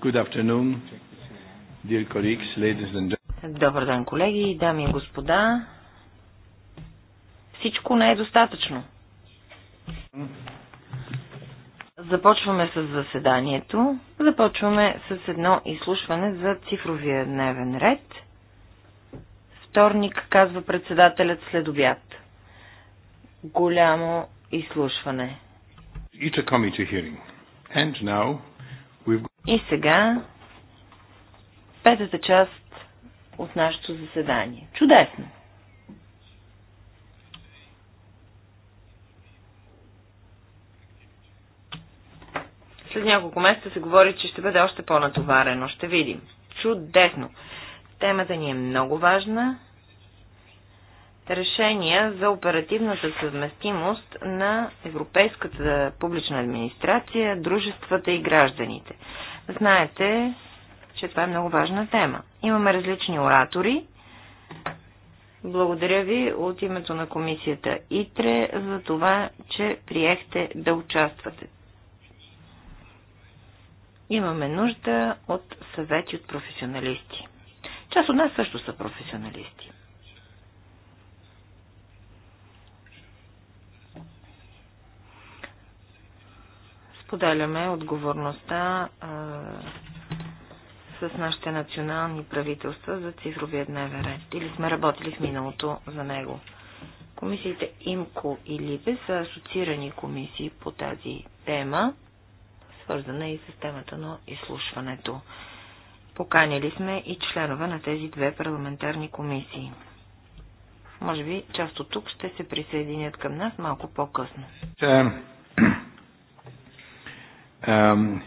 Good afternoon, dear colleagues, ladies and gentlemen. Добър ден, колеги, дами и господа. Всичко не е достатъчно. Започваме с заседанието. Започваме с едно изслушване за цифровия дневен ред. Вторник, казва председателят след обяд. Голямо изслушване. It's a committee hearing. And now и сега петата част от нашето заседание. Чудесно! След няколко месеца се говори, че ще бъде още по-натоварено. Ще видим. Чудесно! Темата ни е много важна. Решения за оперативната съвместимост на европейската публична администрация, дружествата и гражданите. Знаете, че това е много важна тема. Имаме различни оратори. Благодаря ви от името на комисията ИТРЕ за това, че приехте да участвате. Имаме нужда от съвети от професионалисти. Част от нас също са професионалисти. Споделяме отговорността а, с нашите национални правителства за цифровия дневен ред. Или сме работили в миналото за него. Комисиите ИМКО и ЛИБЕ са асоциирани комисии по тази тема, свързана и с темата на изслушването. Поканили сме и членове на тези две парламентарни комисии. Може би част от тук ще се присъединят към нас малко по-късно.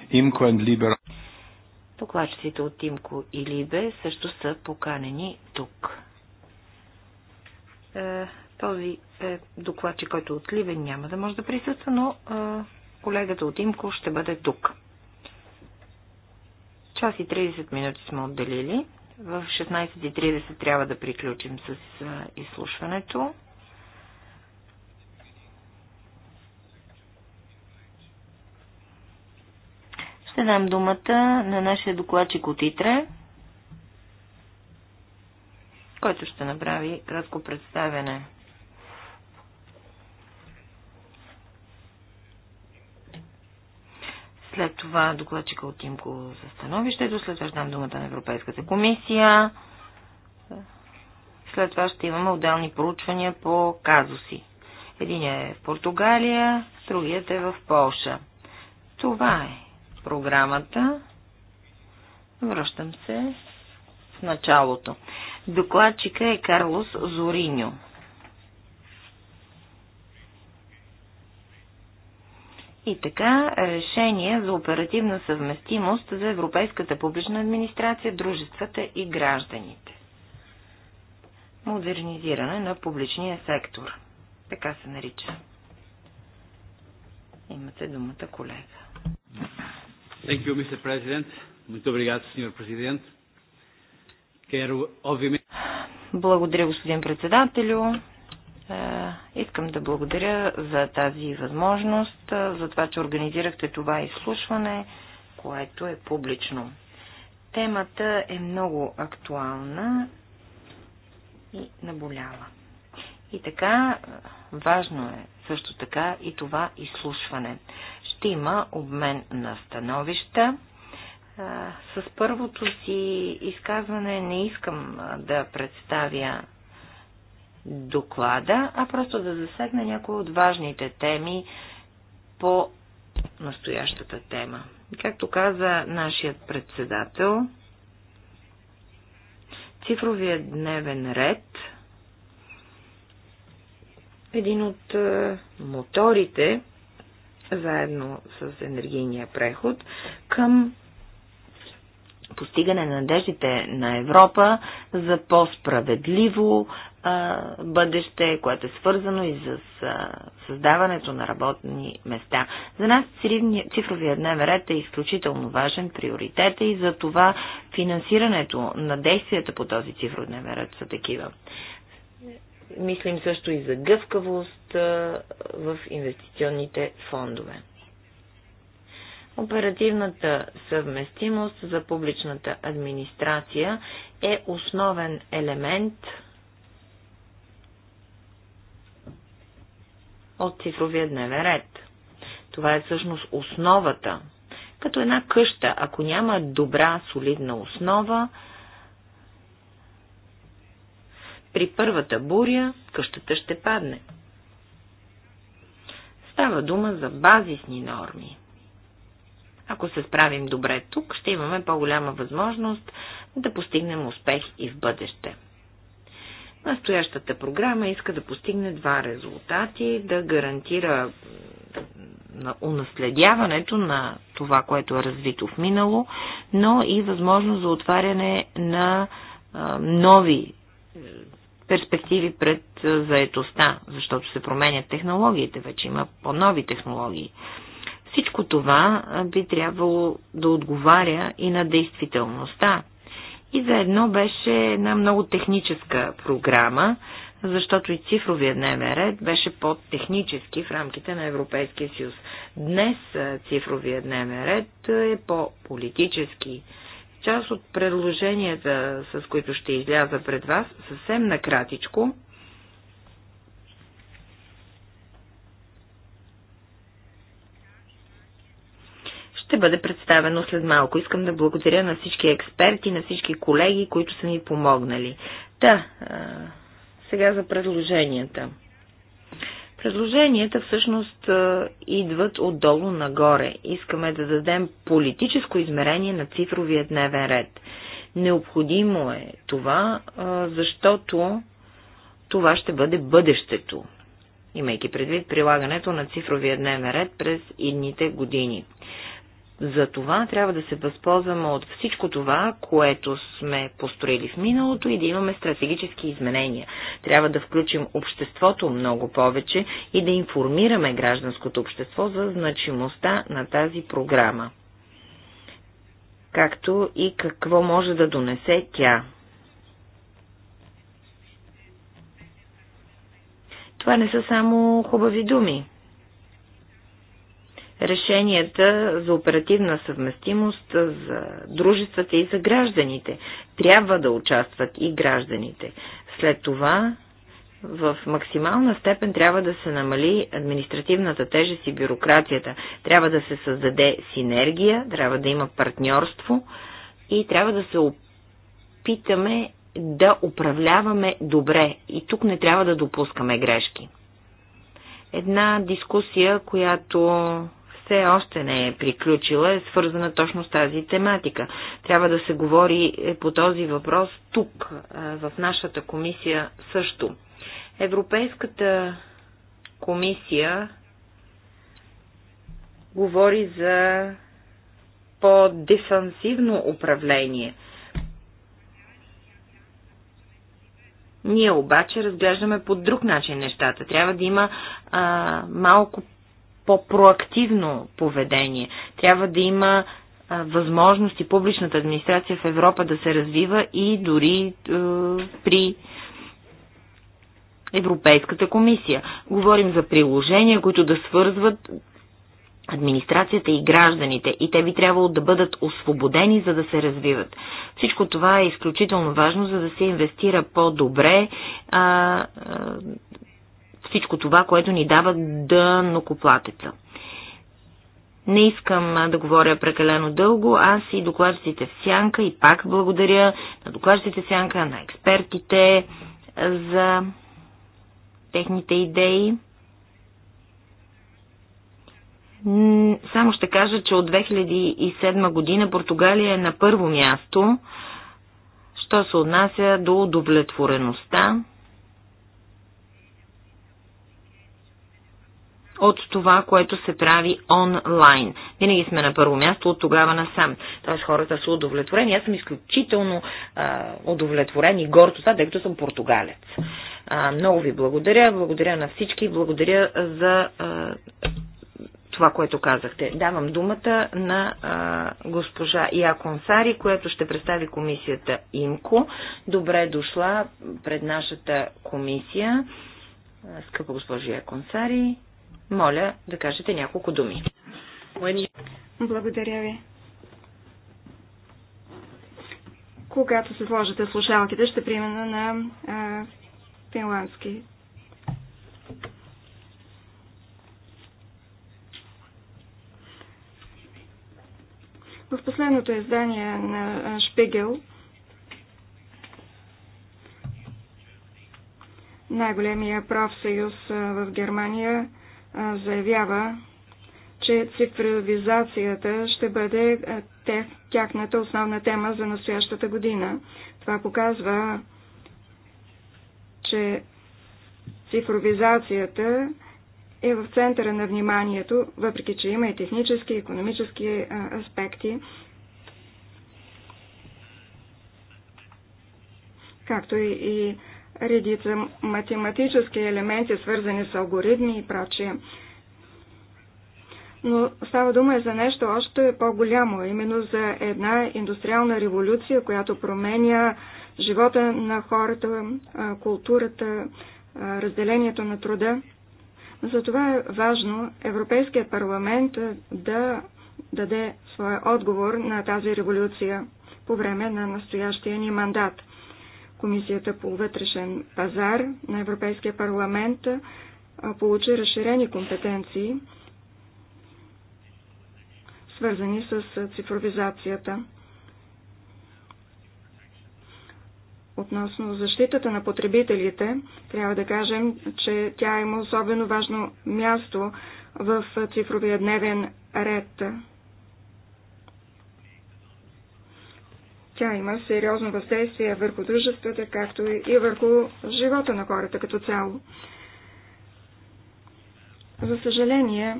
Имко и Либе. Докладчиците от Имко и Либе също са поканени тук. Е, този е докладчик, който е от Либе няма да може да присъства, но колегата от Имко ще бъде тук. Час и 30 минути сме отделили. В 16.30 трябва да приключим с изслушването. Ще дам думата на нашия докладчик от ИТРЕ, който ще направи кратко представяне. След това докладчика от Тимко за становището, след това ще дам думата на Европейската комисия. След това ще имаме отделни проучвания по казуси. Единият е в Португалия, другият е в Полша. Това е програмата. Връщам се в началото. Докладчика е Карлос Зориньо. И така, решение за оперативна съвместимост за Европейската публична администрация, дружествата и гражданите. Модернизиране на публичния сектор. Така се нарича. Имате думата, колега. Thank you, Mr. President. Muito obrigado, Sr. Presidente. Quero, obviamente... Благодаря, господин председателю. Е, искам да благодаря за тази възможност, е, за това, че организирахте това изслушване, което е публично. Темата е много актуална и наболява. И така, важно е също така и това изслушване. Ще има обмен на становища. С първото си изказване не искам да представя доклада, а просто да засегна някои от важните теми по настоящата тема. Както каза нашият председател, цифровият дневен ред – един от е, моторите, заедно с енергийния преход, към постигане на надеждите на Европа за по-справедливо е, бъдеще, което е свързано и с е, създаването на работни места. За нас цифровия дневен ред е изключително важен приоритет и за това финансирането на действията по този цифров дневен ред са такива. Мислим също и за гъвкавост в инвестиционните фондове. Оперативната съвместимост за публичната администрация е основен елемент от цифровия дневен ред. Това е всъщност основата. Като една къща, ако няма добра, солидна основа, при първата буря къщата ще падне. Става дума за базисни норми. Ако се справим добре тук, ще имаме по-голяма възможност да постигнем успех и в бъдеще. Настоящата програма иска да постигне два резултати, да гарантира на унаследяването на това, което е развито в минало, но и възможност за отваряне на нови е, перспективи пред заетостта, защото се променят технологиите, вече има по-нови технологии. Всичко това би трябвало да отговаря и на действителността. И заедно беше една много техническа програма, защото и цифровия дневен ред беше по-технически в рамките на Европейския съюз. Днес цифровия дневен ред е по-политически Част от предложенията, с които ще изляза пред вас, съвсем накратичко, ще бъде представено след малко. Искам да благодаря на всички експерти, на всички колеги, които са ми помогнали. Да, а, сега за предложенията. Предложенията всъщност идват отдолу нагоре. Искаме да дадем политическо измерение на цифровия дневен ред. Необходимо е това, защото това ще бъде бъдещето, имайки предвид прилагането на цифровия дневен ред през идните години. За това трябва да се възползваме от всичко това, което сме построили в миналото и да имаме стратегически изменения. Трябва да включим обществото много повече и да информираме гражданското общество за значимостта на тази програма, както и какво може да донесе тя. Това не са само хубави думи решенията за оперативна съвместимост за дружествата и за гражданите. Трябва да участват и гражданите. След това в максимална степен трябва да се намали административната тежест и бюрокрацията. Трябва да се създаде синергия, трябва да има партньорство и трябва да се опитаме да управляваме добре. И тук не трябва да допускаме грешки. Една дискусия, която все още не е приключила, е свързана точно с тази тематика. Трябва да се говори е, по този въпрос тук, е, в нашата комисия също. Европейската комисия говори за по-дефансивно управление. Ние обаче разглеждаме по друг начин нещата. Трябва да има а, малко по-проактивно поведение. Трябва да има възможности публичната администрация в Европа да се развива и дори е, при Европейската комисия. Говорим за приложения, които да свързват администрацията и гражданите и те би трябвало да бъдат освободени, за да се развиват. Всичко това е изключително важно, за да се инвестира по-добре всичко това, което ни дава дънокоплатеца. Не искам да говоря прекалено дълго. Аз и докладчиците в Сянка и пак благодаря на докладчиците в Сянка, на експертите за техните идеи. Само ще кажа, че от 2007 година Португалия е на първо място, що се отнася до удовлетвореността от това, което се прави онлайн. Винаги сме на първо място от тогава насам. Тоест хората са удовлетворени. Аз съм изключително а, удовлетворен и горд от това, тъй като съм португалец. А, много ви благодаря. Благодаря на всички. Благодаря за а, това, което казахте. Давам думата на а, госпожа Яконсари, която ще представи комисията ИМКО. Добре дошла пред нашата комисия. Скъпа госпожа Яконсари. Моля да кажете няколко думи. Благодаря ви. Когато се сложите слушалките, ще примена на а, финландски. В последното издание на Шпигел, най-големия правсъюз в Германия, заявява, че цифровизацията ще бъде тяхната основна тема за настоящата година. Това показва, че цифровизацията е в центъра на вниманието, въпреки че има и технически, и економически аспекти, както и редица математически елементи, свързани с алгоритми и прочие. Но става дума е за нещо още по-голямо, именно за една индустриална революция, която променя живота на хората, културата, разделението на труда. Затова е важно Европейския парламент да даде своя отговор на тази революция по време на настоящия ни мандат – Комисията по вътрешен пазар на Европейския парламент получи разширени компетенции, свързани с цифровизацията. Относно защитата на потребителите, трябва да кажем, че тя има особено важно място в цифровия дневен ред. Тя има сериозно въздействие върху дружествата, както и върху живота на хората като цяло. За съжаление,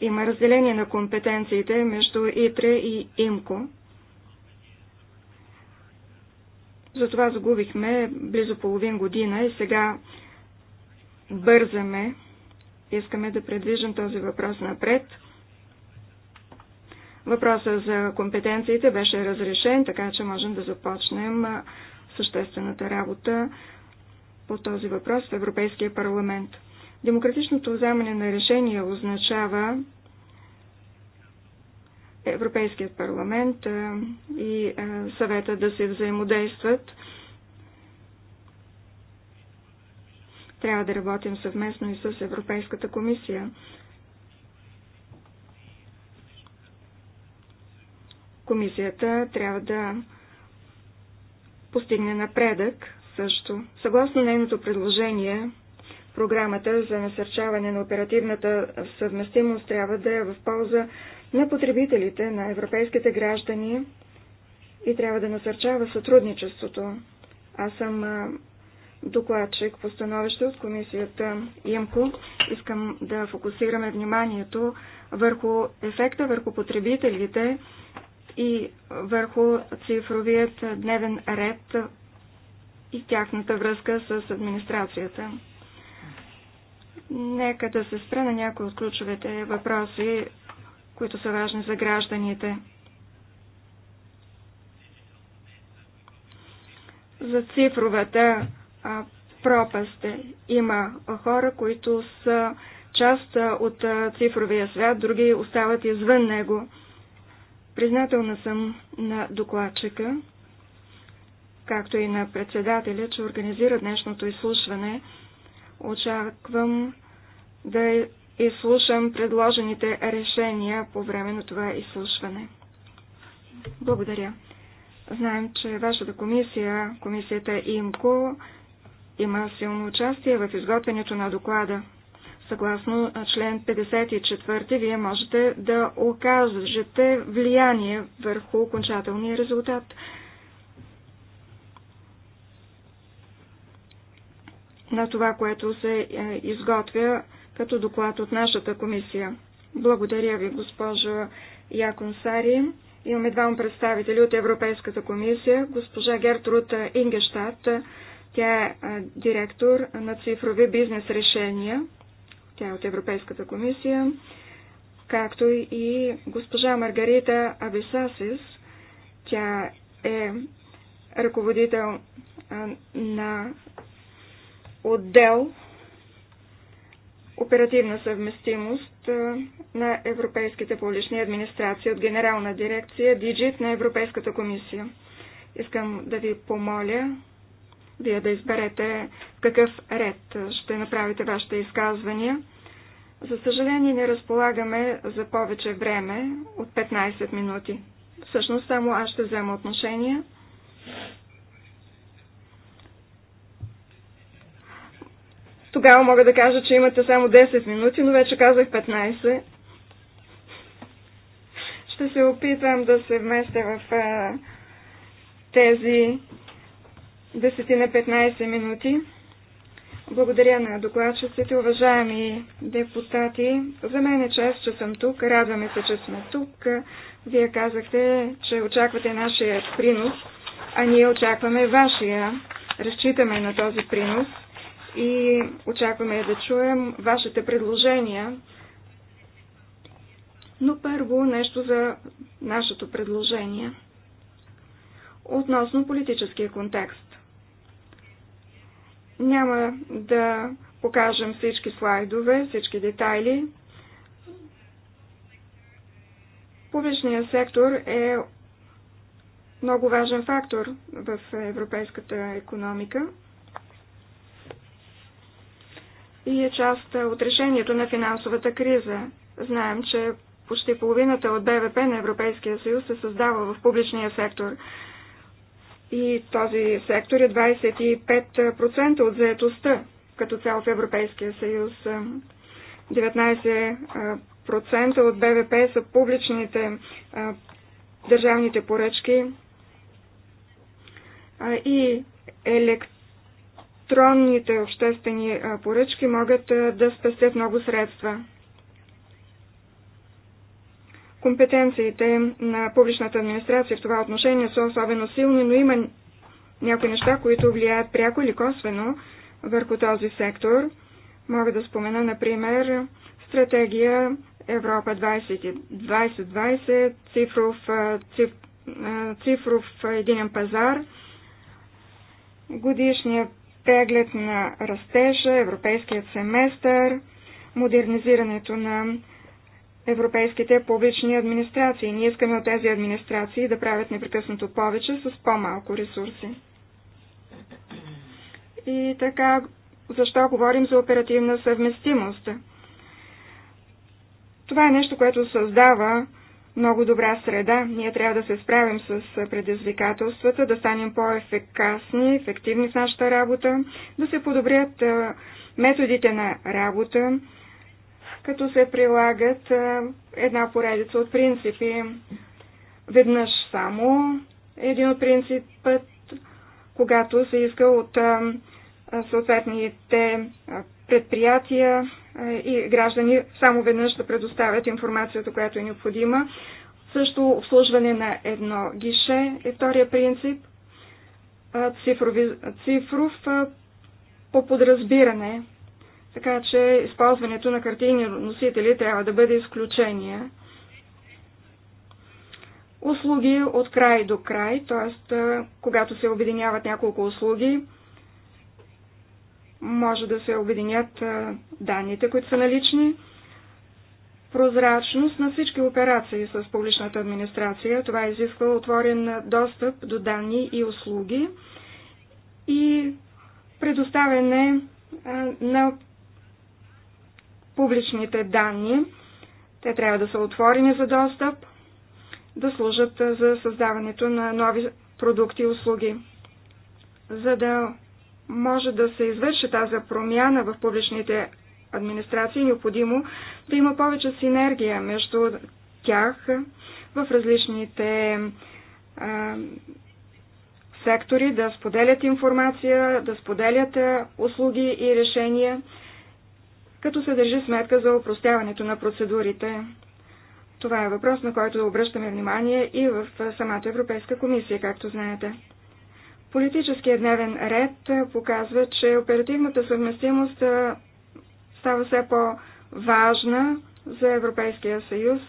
има разделение на компетенциите между ИТРЕ и ИМКО. Затова загубихме близо половин година и сега бързаме. Искаме да предвижим този въпрос напред – Въпросът за компетенциите беше разрешен, така че можем да започнем съществената работа по този въпрос в Европейския парламент. Демократичното вземане на решение означава Европейският парламент и съвета да се взаимодействат. Трябва да работим съвместно и с Европейската комисия. Комисията трябва да постигне напредък също. Съгласно нейното предложение, програмата за насърчаване на оперативната съвместимост трябва да е в полза на потребителите, на европейските граждани и трябва да насърчава сътрудничеството. Аз съм докладчик по становище от комисията ИМКО. Искам да фокусираме вниманието върху ефекта върху потребителите и върху цифровият дневен ред и тяхната връзка с администрацията. Нека да се спра на някои от ключовете въпроси, които са важни за гражданите. За цифровата пропаст има хора, които са част от цифровия свят, други остават извън него. Признателна съм на докладчика, както и на председателя, че организира днешното изслушване. Очаквам да изслушам предложените решения по време на това изслушване. Благодаря. Знаем, че вашата комисия, комисията ИМКО, има силно участие в изготвянето на доклада. Съгласно член 54, вие можете да окажете влияние върху окончателния резултат. на това, което се е, изготвя като доклад от нашата комисия. Благодаря ви, госпожо Яконсари. Имаме двама представители от Европейската комисия, госпожа Гертруд Ингештат, Тя е директор на цифрови бизнес решения тя е от Европейската комисия, както и госпожа Маргарита Абисасис. Тя е ръководител на отдел оперативна съвместимост на европейските публични администрации от Генерална дирекция Диджит на Европейската комисия. Искам да ви помоля вие да изберете в какъв ред ще направите вашите изказвания. За съжаление не разполагаме за повече време от 15 минути. Всъщност само аз ще взема отношение. Тогава мога да кажа, че имате само 10 минути, но вече казах 15. Ще се опитвам да се вместя в тези 10 на 15 минути. Благодаря на докладчиците, уважаеми депутати. За мен е чест, че съм тук. Радваме се, че сме тук. Вие казахте, че очаквате нашия принос, а ние очакваме вашия. Разчитаме на този принос и очакваме да чуем вашите предложения. Но първо нещо за нашето предложение относно политическия контекст. Няма да покажем всички слайдове, всички детайли. Публичният сектор е много важен фактор в европейската економика и е част от решението на финансовата криза. Знаем, че почти половината от БВП на Европейския съюз се създава в публичния сектор и този сектор е 25% от заетостта като цяло в Европейския съюз. 19% от БВП са публичните държавните поръчки и електронните обществени поръчки могат да спестят много средства. Компетенциите на публичната администрация в това отношение са особено силни, но има някои неща, които влияят пряко или косвено върху този сектор. Мога да спомена, например, стратегия Европа 2020, цифров, циф, цифров единен пазар, годишния преглед на растежа, европейският семестър, модернизирането на европейските публични администрации. Ние искаме от тези администрации да правят непрекъснато повече с по-малко ресурси. И така, защо говорим за оперативна съвместимост? Това е нещо, което създава много добра среда. Ние трябва да се справим с предизвикателствата, да станем по ефекасни ефективни в нашата работа, да се подобрят методите на работа, като се прилагат една поредица от принципи. Веднъж само един от принципът, когато се иска от съответните предприятия и граждани само веднъж да предоставят информацията, която е необходима. Също обслужване на едно гише е втория принцип. Цифрови, цифров по подразбиране така че използването на картини носители трябва да бъде изключение. Услуги от край до край, т.е. когато се обединяват няколко услуги, може да се обединят данните, които са налични. Прозрачност на всички операции с публичната администрация. Това изисква отворен достъп до данни и услуги и предоставяне на публичните данни. Те трябва да са отворени за достъп, да служат за създаването на нови продукти и услуги. За да може да се извърши тази промяна в публичните администрации, е необходимо да има повече синергия между тях в различните а, сектори, да споделят информация, да споделят услуги и решения, като се държи сметка за упростяването на процедурите. Това е въпрос, на който обръщаме внимание и в самата Европейска комисия, както знаете. Политическият дневен ред показва, че оперативната съвместимост става все по-важна за Европейския съюз.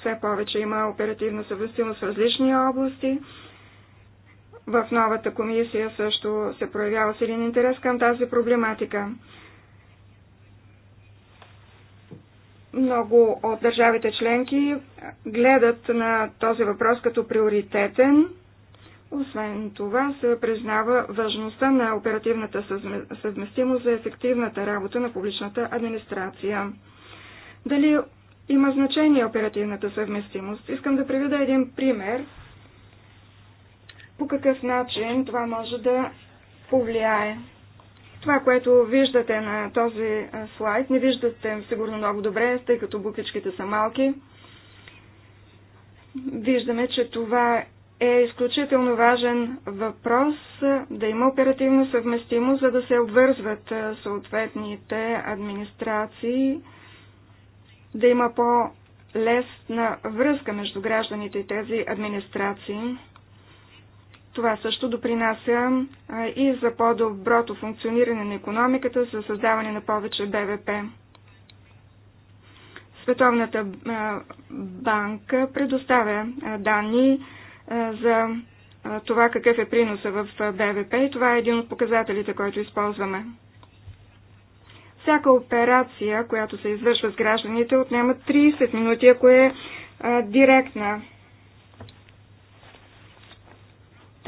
Все повече има оперативна съвместимост в различни области. В новата комисия също се проявява силен интерес към тази проблематика. Много от държавите членки гледат на този въпрос като приоритетен. Освен това се признава важността на оперативната съвместимост за ефективната работа на публичната администрация. Дали има значение оперативната съвместимост? Искам да приведа един пример по какъв начин това може да повлияе това, което виждате на този слайд, не виждате сигурно много добре, тъй като буквичките са малки. Виждаме, че това е изключително важен въпрос да има оперативна съвместимост, за да се обвързват съответните администрации, да има по-лесна връзка между гражданите и тези администрации. Това също допринася и за по-доброто функциониране на економиката, за създаване на повече БВП. Световната банка предоставя данни за това какъв е приноса в БВП и това е един от показателите, който използваме. Всяка операция, която се извършва с гражданите, отнема 30 минути, ако е директна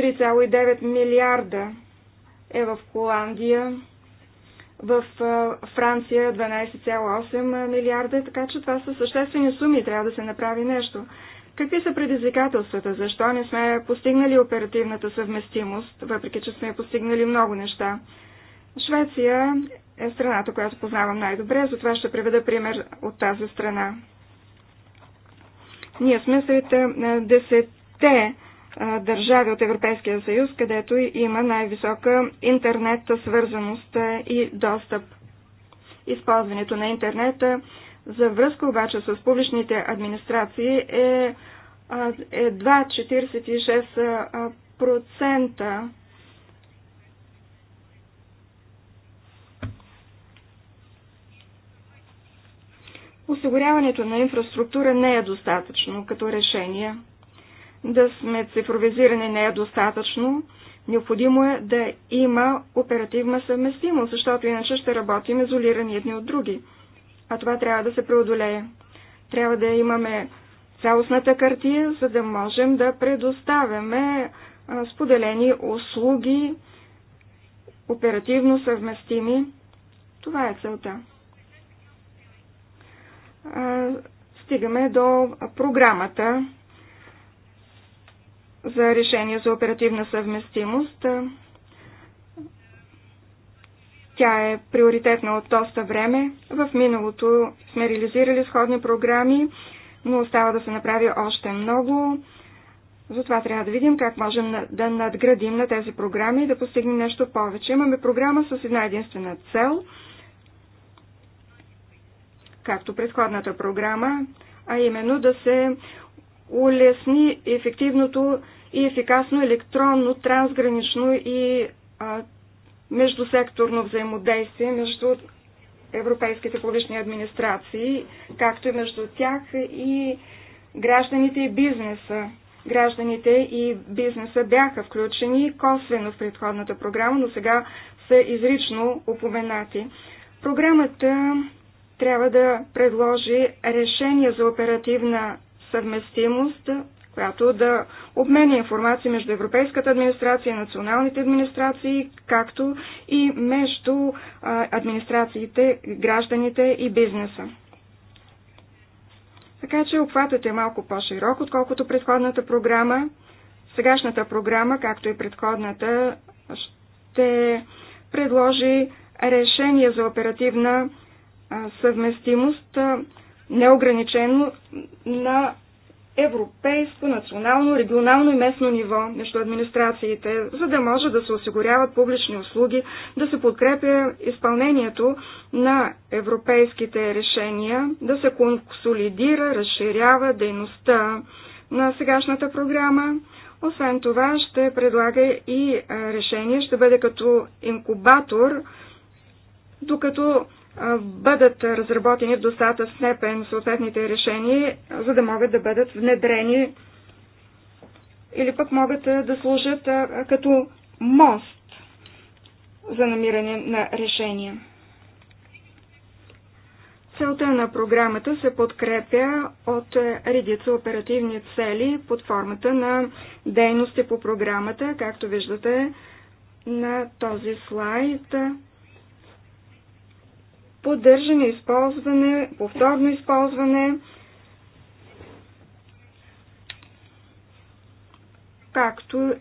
3,9 милиарда е в Холандия, в Франция 12,8 милиарда, така че това са съществени суми, трябва да се направи нещо. Какви са предизвикателствата? Защо не сме постигнали оперативната съвместимост, въпреки че сме постигнали много неща? Швеция е страната, която познавам най-добре, затова ще приведа пример от тази страна. Ние сме сред десетте държави от Европейския съюз, където има най-висока интернет свързаност и достъп. Използването на интернета за връзка обаче с публичните администрации е едва 46%. Осигуряването на инфраструктура не е достатъчно като решение да сме цифровизирани не е достатъчно. Необходимо е да има оперативна съвместимост, защото иначе ще работим изолирани едни от други. А това трябва да се преодолее. Трябва да имаме цялостната картия, за да можем да предоставяме споделени услуги, оперативно съвместими. Това е целта. Стигаме до програмата за решение за оперативна съвместимост. Тя е приоритетна от доста време. В миналото сме реализирали сходни програми, но остава да се направи още много. Затова трябва да видим как можем да надградим на тези програми и да постигнем нещо повече. Имаме програма с една единствена цел, както предходната програма, а именно да се улесни ефективното и ефикасно електронно, трансгранично и а, междусекторно взаимодействие между европейските публични администрации, както и между тях и гражданите и бизнеса. Гражданите и бизнеса бяха включени косвено в предходната програма, но сега са изрично упоменати. Програмата трябва да предложи решение за оперативна съвместимост, която да обменя информация между Европейската администрация и националните администрации, както и между администрациите, гражданите и бизнеса. Така че обхватът е малко по-широк, отколкото предходната програма. Сегашната програма, както и предходната, ще предложи решение за оперативна съвместимост неограничено на европейско, национално, регионално и местно ниво между администрациите, за да може да се осигуряват публични услуги, да се подкрепя изпълнението на европейските решения, да се консолидира, разширява дейността на сегашната програма. Освен това ще предлага и решение, ще бъде като инкубатор, докато бъдат разработени в достатъчна степен съответните решения, за да могат да бъдат внедрени или пък могат да служат като мост за намиране на решения. Целта на програмата се подкрепя от редица оперативни цели под формата на дейности по програмата, както виждате на този слайд поддържане, използване, повторно използване, както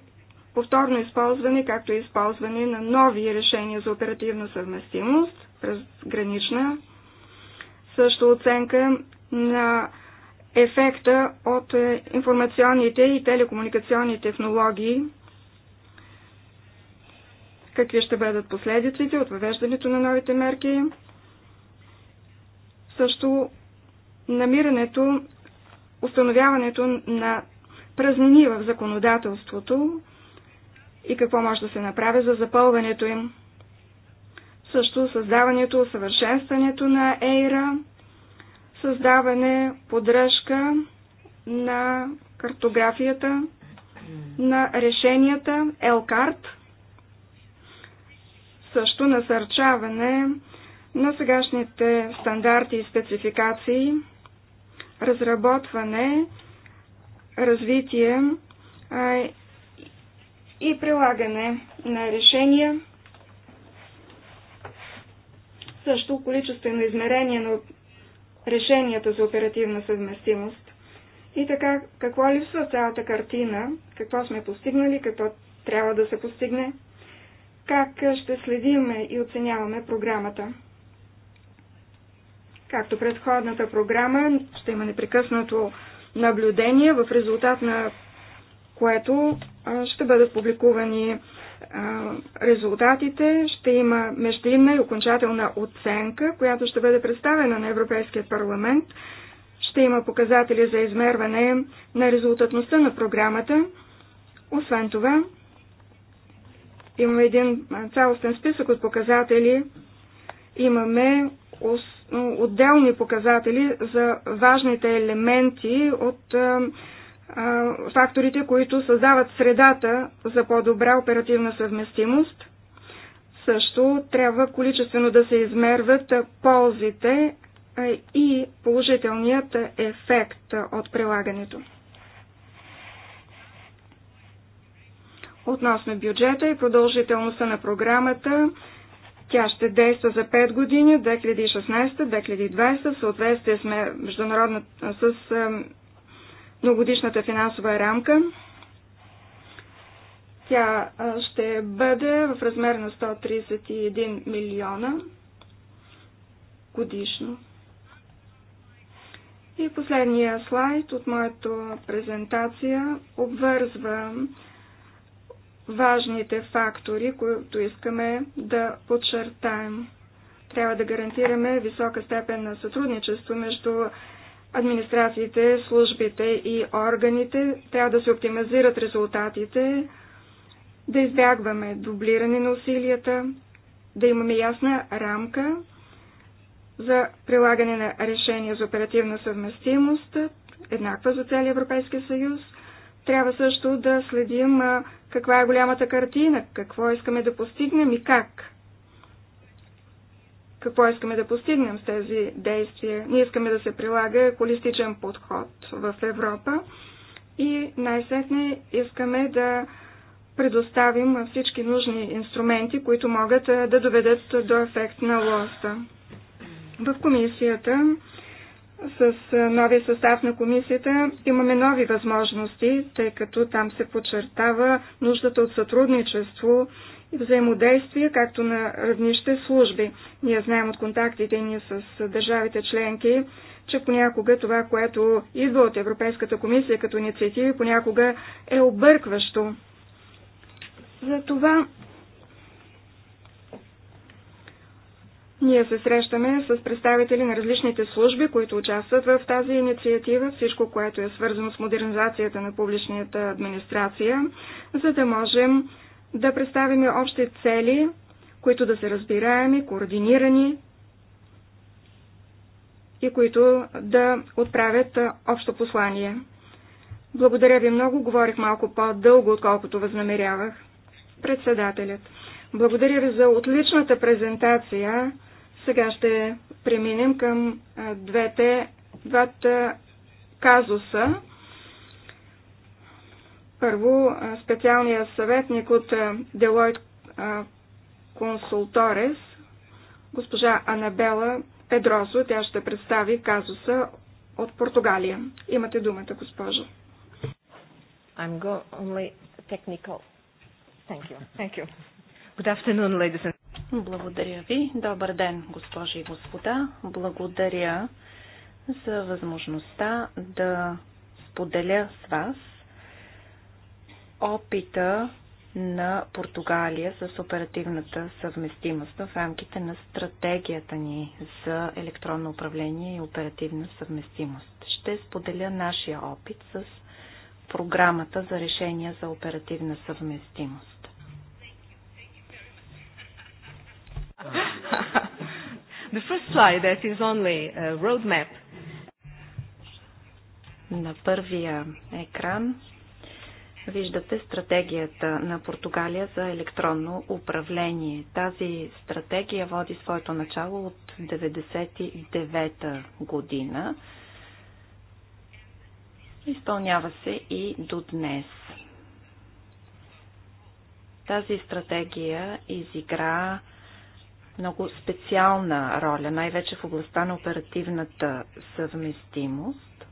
повторно използване, както и използване на нови решения за оперативна съвместимост през гранична, също оценка на ефекта от е, информационните и телекомуникационни технологии, какви ще бъдат последиците от въвеждането на новите мерки, също намирането, установяването на празнини в законодателството и какво може да се направи за запълването им. Също създаването, усъвършенстването на ЕИРА, създаване, поддръжка на картографията, на решенията, ЕЛКАРТ, също насърчаване на сегашните стандарти и спецификации, разработване, развитие и прилагане на решения, също количествено измерение на решенията за оперативна съвместимост. И така, какво липсва цялата картина, какво сме постигнали, какво трябва да се постигне, как ще следим и оценяваме програмата. Както предходната програма, ще има непрекъснато наблюдение, в резултат на което ще бъдат публикувани резултатите, ще има междинна и окончателна оценка, която ще бъде представена на Европейския парламент, ще има показатели за измерване на резултатността на програмата. Освен това, имаме един цялостен списък от показатели. Имаме отделни показатели за важните елементи от факторите, които създават средата за по-добра оперативна съвместимост. Също трябва количествено да се измерват ползите и положителният ефект от прилагането. Относно бюджета и продължителността на програмата, тя ще действа за 5 години, 2016-2020, в съответствие с, международна, с многогодишната финансова рамка. Тя ще бъде в размер на 131 милиона годишно. И последния слайд от моята презентация обвързва важните фактори, които искаме да подчертаем. Трябва да гарантираме висока степен на сътрудничество между администрациите, службите и органите. Трябва да се оптимизират резултатите, да избягваме дублиране на усилията, да имаме ясна рамка за прилагане на решения за оперативна съвместимост, еднаква за цели Европейския съюз – трябва също да следим каква е голямата картина, какво искаме да постигнем и как. Какво искаме да постигнем с тези действия? Ние искаме да се прилага холистичен подход в Европа и най-сетне искаме да предоставим всички нужни инструменти, които могат да доведат до ефект на лоста. В комисията с е, новия състав на комисията имаме нови възможности, тъй като там се подчертава нуждата от сътрудничество и взаимодействие, както на равнище служби. Ние знаем от контактите ни с е, държавите членки, че понякога това, което идва от Европейската комисия като инициативи, понякога е объркващо. Затова Ние се срещаме с представители на различните служби, които участват в тази инициатива, всичко, което е свързано с модернизацията на публичната администрация, за да можем да представим общи цели, които да се разбираеми, координирани и които да отправят общо послание. Благодаря ви много, говорих малко по-дълго, отколкото възнамерявах. Председателят. Благодаря ви за отличната презентация. Сега ще преминем към двете, двата казуса. Първо, специалният съветник от Делойт Консулторес, госпожа Анабела Педросо, тя ще представи казуса от Португалия. Имате думата, госпожо. I'm go only technical. Thank you. Thank you. Good afternoon, ladies and gentlemen. Благодаря ви. Добър ден, госпожи и господа. Благодаря за възможността да споделя с вас опита на Португалия с оперативната съвместимост в рамките на стратегията ни за електронно управление и оперативна съвместимост. Ще споделя нашия опит с програмата за решения за оперативна съвместимост. The first slide that is only a roadmap. На първия екран виждате стратегията на Португалия за електронно управление. Тази стратегия води своето начало от 1999 година. Изпълнява се и до днес. Тази стратегия изигра много специална роля, най-вече в областта на оперативната съвместимост.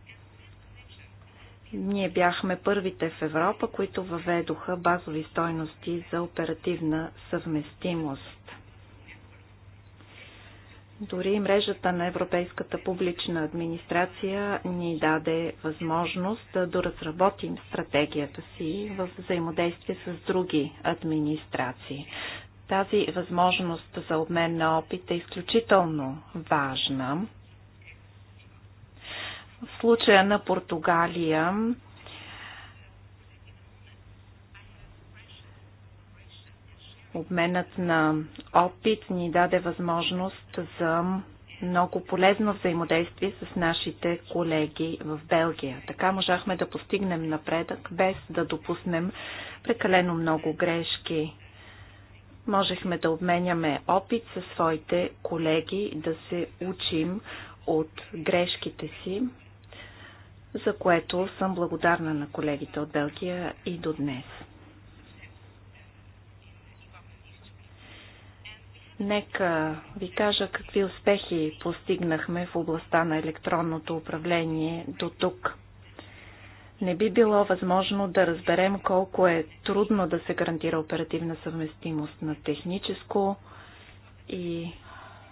Ние бяхме първите в Европа, които въведоха базови стойности за оперативна съвместимост. Дори и мрежата на Европейската публична администрация ни даде възможност да доразработим стратегията си в взаимодействие с други администрации. Тази възможност за обмен на опит е изключително важна. В случая на Португалия обменът на опит ни даде възможност за много полезно взаимодействие с нашите колеги в Белгия. Така можахме да постигнем напредък без да допуснем прекалено много грешки. Можехме да обменяме опит със своите колеги, да се учим от грешките си, за което съм благодарна на колегите от Белгия и до днес. Нека ви кажа какви успехи постигнахме в областта на електронното управление до тук. Не би било възможно да разберем колко е трудно да се гарантира оперативна съвместимост на техническо и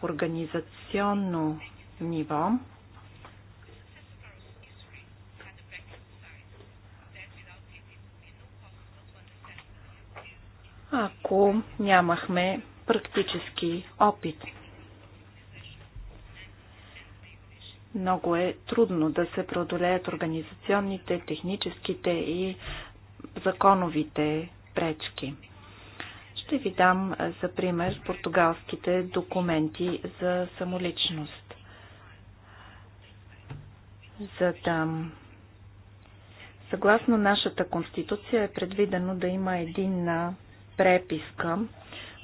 организационно ниво. ако нямахме практически опит Много е трудно да се преодолеят организационните, техническите и законовите пречки. Ще ви дам за пример португалските документи за самоличност. За да Съгласно нашата конституция е предвидено да има единна преписка,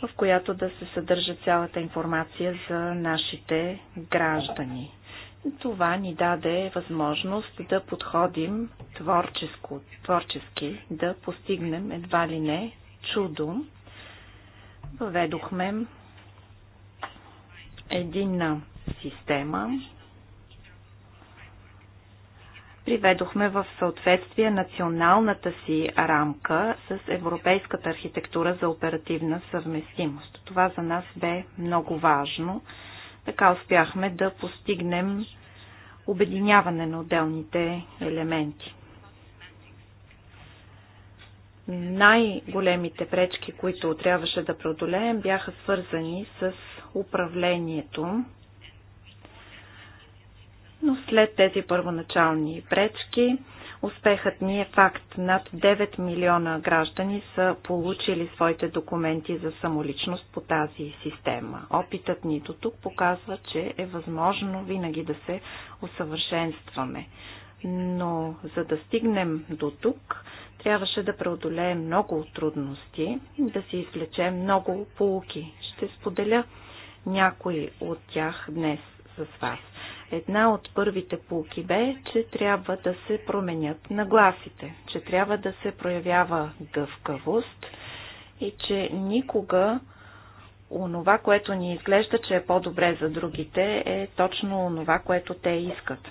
в която да се съдържа цялата информация за нашите граждани. Това ни даде възможност да подходим творческо, творчески, да постигнем едва ли не чудо. Въведохме единна система. Приведохме в съответствие националната си рамка с европейската архитектура за оперативна съвместимост. Това за нас бе много важно така успяхме да постигнем обединяване на отделните елементи. Най-големите пречки, които трябваше да преодолеем, бяха свързани с управлението. Но след тези първоначални пречки, Успехът ни е факт. Над 9 милиона граждани са получили своите документи за самоличност по тази система. Опитът ни до тук показва, че е възможно винаги да се усъвършенстваме. Но за да стигнем до тук, трябваше да преодолеем много трудности, да си извлечем много полуки. Ще споделя някои от тях днес с вас. Една от първите полки бе, че трябва да се променят нагласите, че трябва да се проявява гъвкавост и че никога онова, което ни изглежда, че е по-добре за другите, е точно онова, което те искат.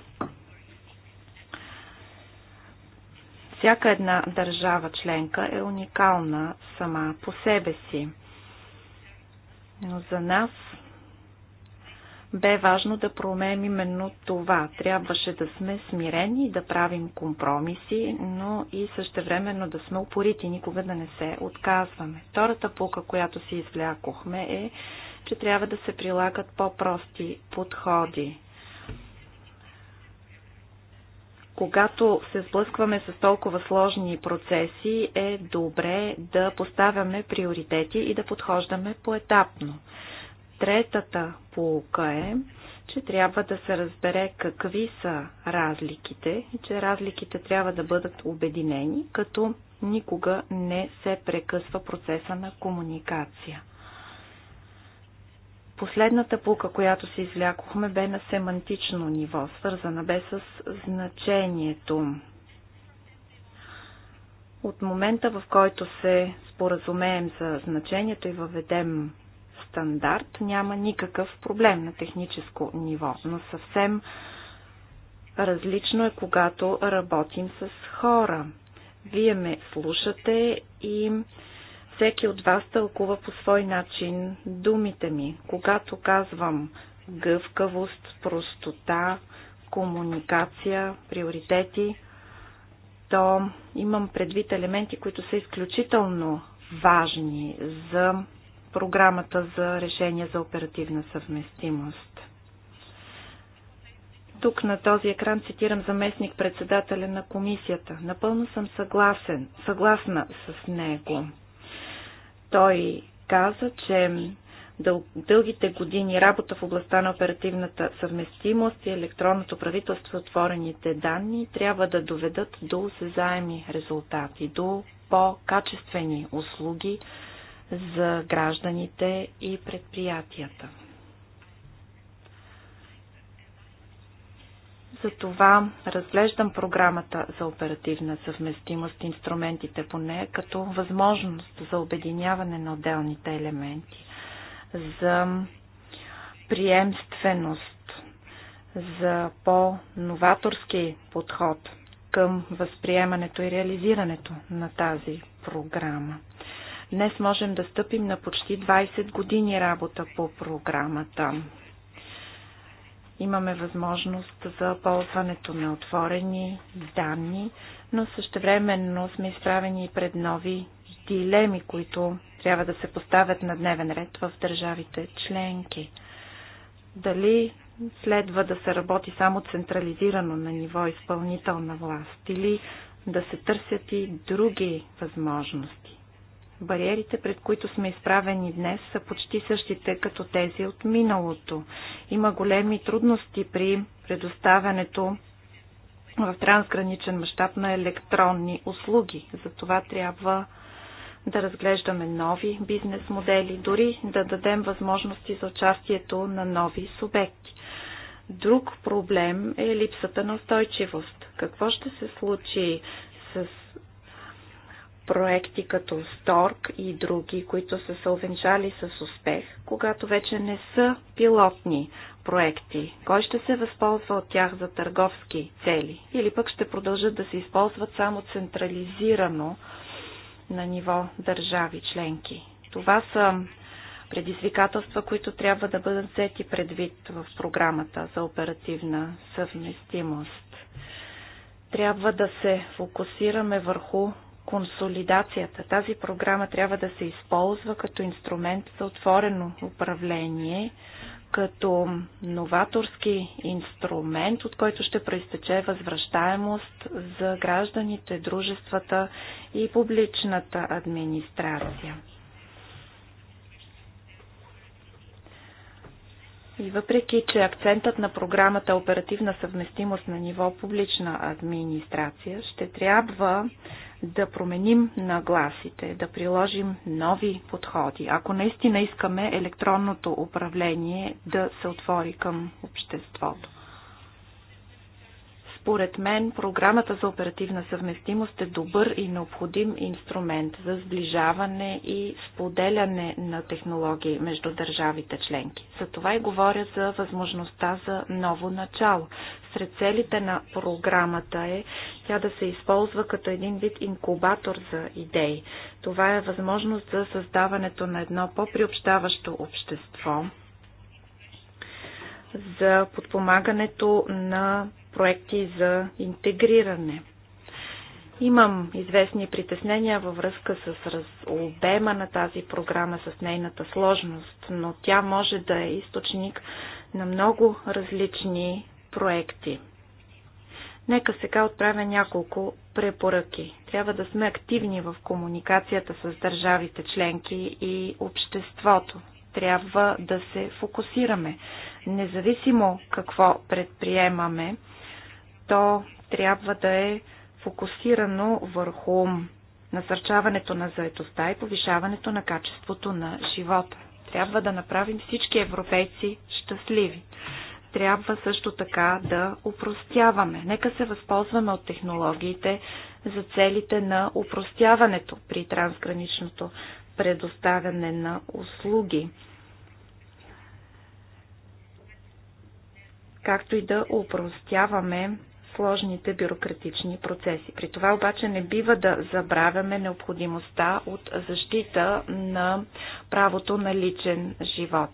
Всяка една държава членка е уникална сама по себе си. Но за нас бе важно да проумеем именно това. Трябваше да сме смирени, да правим компромиси, но и същевременно да сме упорити, никога да не се отказваме. Втората пука, която си извлякохме е, че трябва да се прилагат по-прости подходи. Когато се сблъскваме с толкова сложни процеси, е добре да поставяме приоритети и да подхождаме поетапно. Третата полука е, че трябва да се разбере какви са разликите и че разликите трябва да бъдат обединени, като никога не се прекъсва процеса на комуникация. Последната пулка, която се извлякохме, бе на семантично ниво, свързана бе с значението. От момента, в който се споразумеем за значението и въведем стандарт, няма никакъв проблем на техническо ниво, но съвсем различно е, когато работим с хора. Вие ме слушате и всеки от вас тълкува по свой начин думите ми. Когато казвам гъвкавост, простота, комуникация, приоритети, то имам предвид елементи, които са изключително важни за програмата за решение за оперативна съвместимост. Тук на този екран цитирам заместник председателя на комисията. Напълно съм съгласен, съгласна с него. Той каза, че дългите години работа в областта на оперативната съвместимост и електронното правителство, отворените данни трябва да доведат до осезаеми резултати, до по-качествени услуги за гражданите и предприятията. Затова разглеждам програмата за оперативна съвместимост, инструментите по нея, като възможност за обединяване на отделните елементи, за приемственост, за по-новаторски подход към възприемането и реализирането на тази програма. Днес можем да стъпим на почти 20 години работа по програмата. Имаме възможност за ползването на отворени данни, но същевременно сме изправени пред нови дилеми, които трябва да се поставят на дневен ред в държавите членки. Дали следва да се работи само централизирано на ниво изпълнителна власт или да се търсят и други възможности. Бариерите, пред които сме изправени днес, са почти същите като тези от миналото. Има големи трудности при предоставянето в трансграничен мащаб на електронни услуги. Затова трябва да разглеждаме нови бизнес модели, дори да дадем възможности за участието на нови субекти. Друг проблем е липсата на устойчивост. Какво ще се случи с проекти като Сторг и други, които са се увенчали с успех, когато вече не са пилотни проекти? Кой ще се възползва от тях за търговски цели? Или пък ще продължат да се използват само централизирано на ниво държави членки? Това са предизвикателства, които трябва да бъдат взети предвид в програмата за оперативна съвместимост. Трябва да се фокусираме върху консолидацията. Тази програма трябва да се използва като инструмент за отворено управление, като новаторски инструмент, от който ще проистече възвръщаемост за гражданите, дружествата и публичната администрация. И въпреки, че акцентът на програмата е оперативна съвместимост на ниво публична администрация, ще трябва да променим нагласите, да приложим нови подходи, ако наистина искаме електронното управление да се отвори към обществото. Според мен програмата за оперативна съвместимост е добър и необходим инструмент за сближаване и споделяне на технологии между държавите членки. Затова и говоря за възможността за ново начало. Сред целите на програмата е тя да се използва като един вид инкубатор за идеи. Това е възможност за създаването на едно по-приобщаващо общество, за подпомагането на проекти за интегриране. Имам известни притеснения във връзка с раз... обема на тази програма, с нейната сложност, но тя може да е източник на много различни проекти. Нека сега отправя няколко препоръки. Трябва да сме активни в комуникацията с държавите членки и обществото. Трябва да се фокусираме. Независимо какво предприемаме, то трябва да е фокусирано върху насърчаването на заетостта и повишаването на качеството на живота. Трябва да направим всички европейци щастливи. Трябва също така да упростяваме. Нека се възползваме от технологиите за целите на упростяването при трансграничното предоставяне на услуги. Както и да упростяваме сложните бюрократични процеси. При това обаче не бива да забравяме необходимостта от защита на правото на личен живот.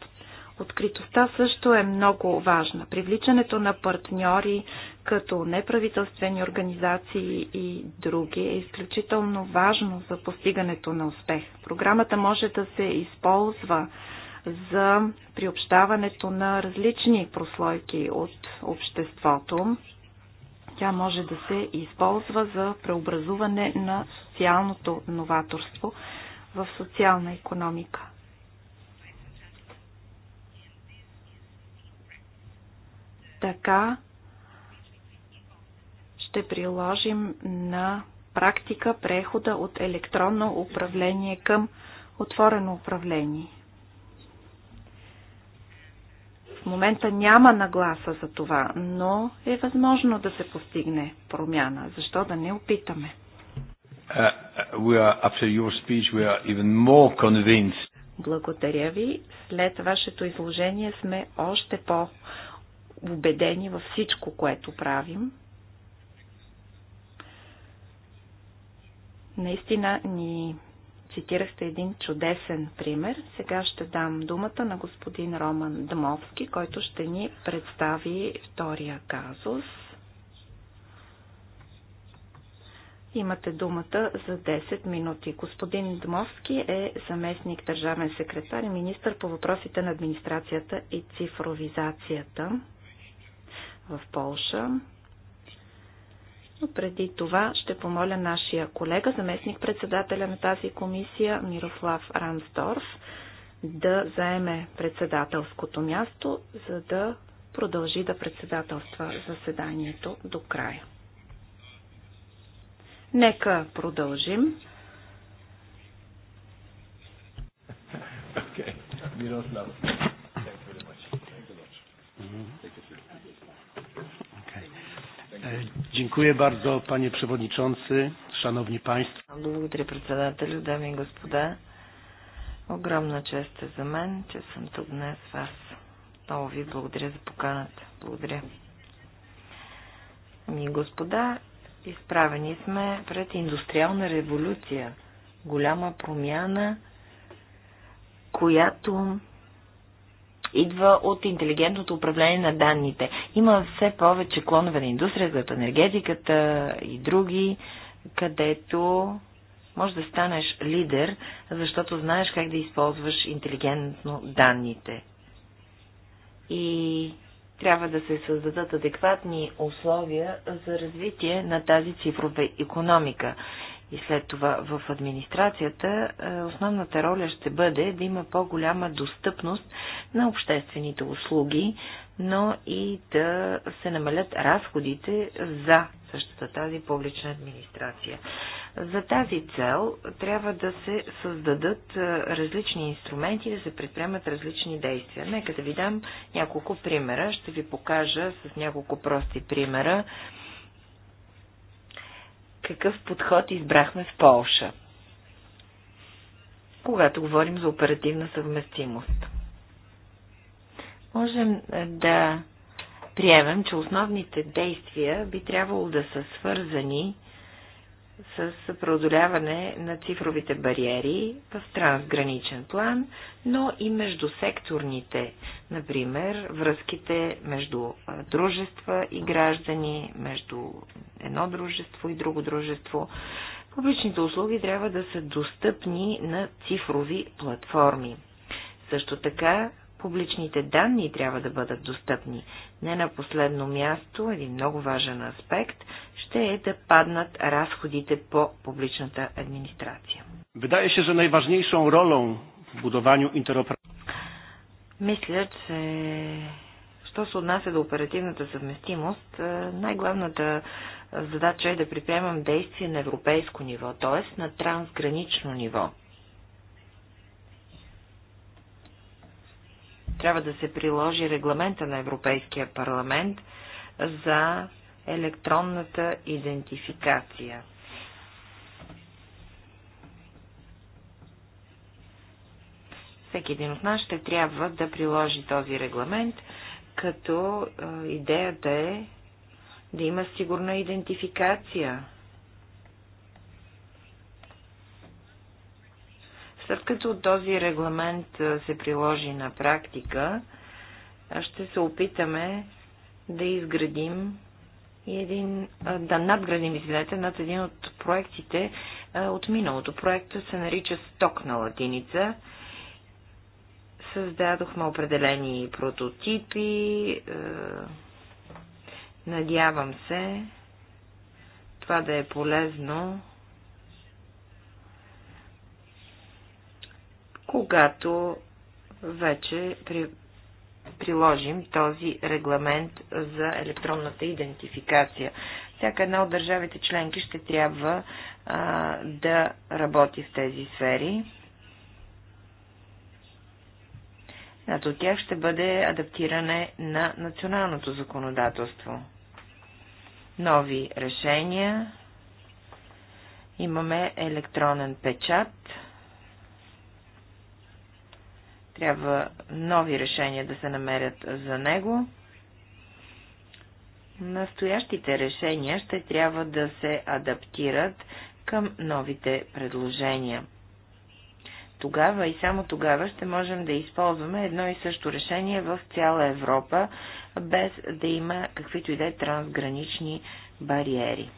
Откритостта също е много важна. Привличането на партньори като неправителствени организации и други е изключително важно за постигането на успех. Програмата може да се използва за приобщаването на различни прослойки от обществото. Тя може да се използва за преобразуване на социалното новаторство в социална економика. Така ще приложим на практика прехода от електронно управление към отворено управление. В момента няма нагласа за това, но е възможно да се постигне промяна. Защо да не опитаме? Uh, uh speech, Благодаря ви. След вашето изложение сме още по-убедени във всичко, което правим. Наистина ни цитирахте един чудесен пример. Сега ще дам думата на господин Роман Дмовски, който ще ни представи втория казус. Имате думата за 10 минути. Господин Дмовски е заместник държавен секретар и министр по въпросите на администрацията и цифровизацията в Полша. Но преди това ще помоля нашия колега, заместник председателя на тази комисия Мирослав Рансдорф, да заеме председателското място, за да продължи да председателства заседанието до края. Нека продължим. Okay. Thank you very much. Thank you very much. Mm-hmm. Thank you. E, dziękuję bardzo, panie przewodniczący, szanowni państwo. Благодаря, председателю, дами и господа. Огромна чест е за мен, че съм тук днес с вас. Много ви благодаря за поканата. Благодаря. Ми господа, изправени сме пред индустриална революция, голяма промяна, която идва от интелигентното управление на данните. Има все повече клонове на индустрия, като енергетиката и други, където може да станеш лидер, защото знаеш как да използваш интелигентно данните. И трябва да се създадат адекватни условия за развитие на тази цифрова економика и след това в администрацията, е, основната роля ще бъде да има по-голяма достъпност на обществените услуги, но и да се намалят разходите за същата тази публична администрация. За тази цел трябва да се създадат е, различни инструменти, да се предприемат различни действия. Нека да ви дам няколко примера. Ще ви покажа с няколко прости примера какъв подход избрахме в Полша, когато говорим за оперативна съвместимост. Можем е, да приемем, че основните действия би трябвало да са свързани с преодоляване на цифровите бариери в трансграничен план, но и между секторните, например, връзките между дружества и граждани, между едно дружество и друго дружество. Публичните услуги трябва да са достъпни на цифрови платформи. Също така Публичните данни трябва да бъдат достъпни. Не на последно място, един много важен аспект, ще е да паднат разходите по публичната администрация. се, за най najważniejszą ролом в будованию interoperacyjności. Мисля, че що се отнася до оперативната съвместимост, е, най-главната задача е да приемам действия на европейско ниво, т.е. на трансгранично ниво. трябва да се приложи регламента на Европейския парламент за електронната идентификация. Всеки един от нас ще трябва да приложи този регламент, като идеята е да има сигурна идентификация След като този регламент се приложи на практика, ще се опитаме да изградим и един, да надградим, извинете, над един от проектите от миналото. Проекта се нарича Сток на латиница. Създадохме определени прототипи. Надявам се това да е полезно когато вече при, приложим този регламент за електронната идентификация. Всяка една от държавите членки ще трябва а, да работи в тези сфери. нато от тях ще бъде адаптиране на националното законодателство. Нови решения. Имаме електронен печат. Трябва нови решения да се намерят за него. Настоящите решения ще трябва да се адаптират към новите предложения. Тогава и само тогава ще можем да използваме едно и също решение в цяла Европа, без да има каквито и да е трансгранични бариери.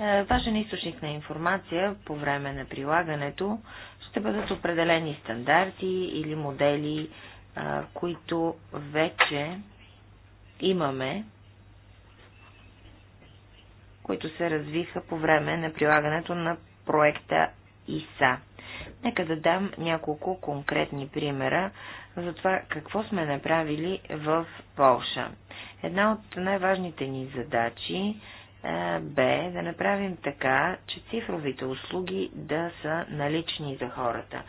Е, важен източник на информация по време на прилагането ще бъдат определени стандарти или модели, е, които вече имаме, които се развиха по време на прилагането на проекта ИСА. Нека да дам няколко конкретни примера за това какво сме направили в Полша. Една от най-важните ни задачи е бе да направим така, че цифровите услуги да са налични за хората.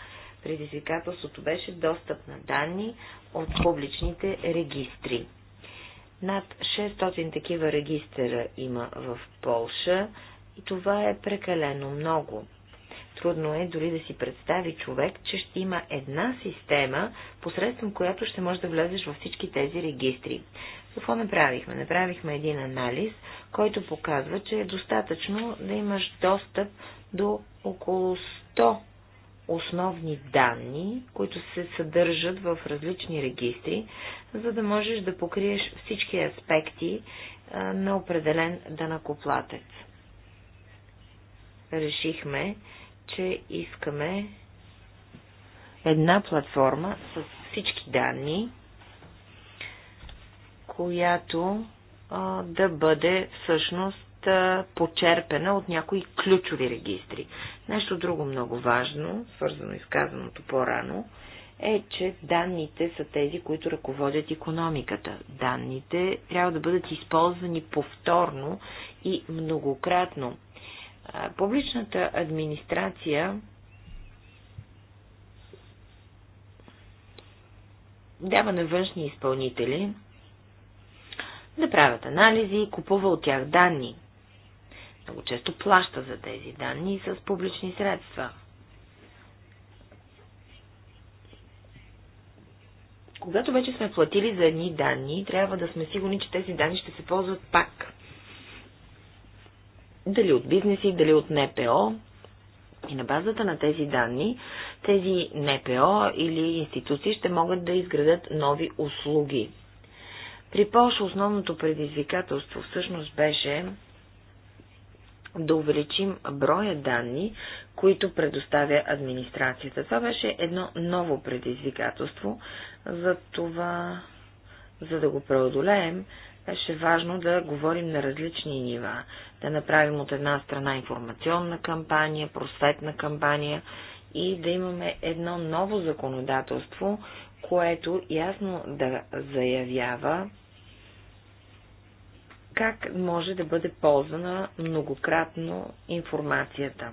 Предизвикателството беше достъп на данни от публичните регистри. Над 600 такива регистъра има в Полша и това е прекалено много. Трудно е дори да си представи човек, че ще има една система, посредством която ще можеш да влезеш във всички тези регистри. Какво направихме? Направихме един анализ, който показва, че е достатъчно да имаш достъп до около 100 основни данни, които се съдържат в различни регистри, за да можеш да покриеш всички аспекти на определен данакоплатец. Решихме, че искаме една платформа с всички данни, която а, да бъде всъщност а, почерпена от някои ключови регистри. Нещо друго много важно, свързано казаното по-рано, е, че данните са тези, които ръководят економиката. Данните трябва да бъдат използвани повторно и многократно Публичната администрация дава на външни изпълнители да правят анализи и купува от тях данни. Много често плаща за тези данни с публични средства. Когато вече сме платили за едни данни, трябва да сме сигурни, че тези данни ще се ползват пак дали от бизнеси, дали от НПО. И на базата на тези данни, тези НПО или институции ще могат да изградат нови услуги. При Польша основното предизвикателство всъщност беше да увеличим броя данни, които предоставя администрацията. Това беше едно ново предизвикателство, за това, за да го преодолеем, беше важно да говорим на различни нива, да направим от една страна информационна кампания, просветна кампания и да имаме едно ново законодателство, което ясно да заявява как може да бъде ползвана многократно информацията.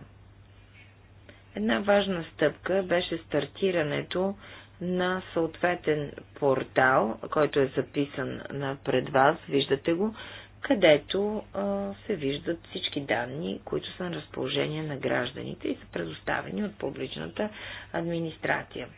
Една важна стъпка беше стартирането на съответен портал, който е записан на пред вас, виждате го, където а, се виждат всички данни, които са на разположение на гражданите и са предоставени от публичната администрация.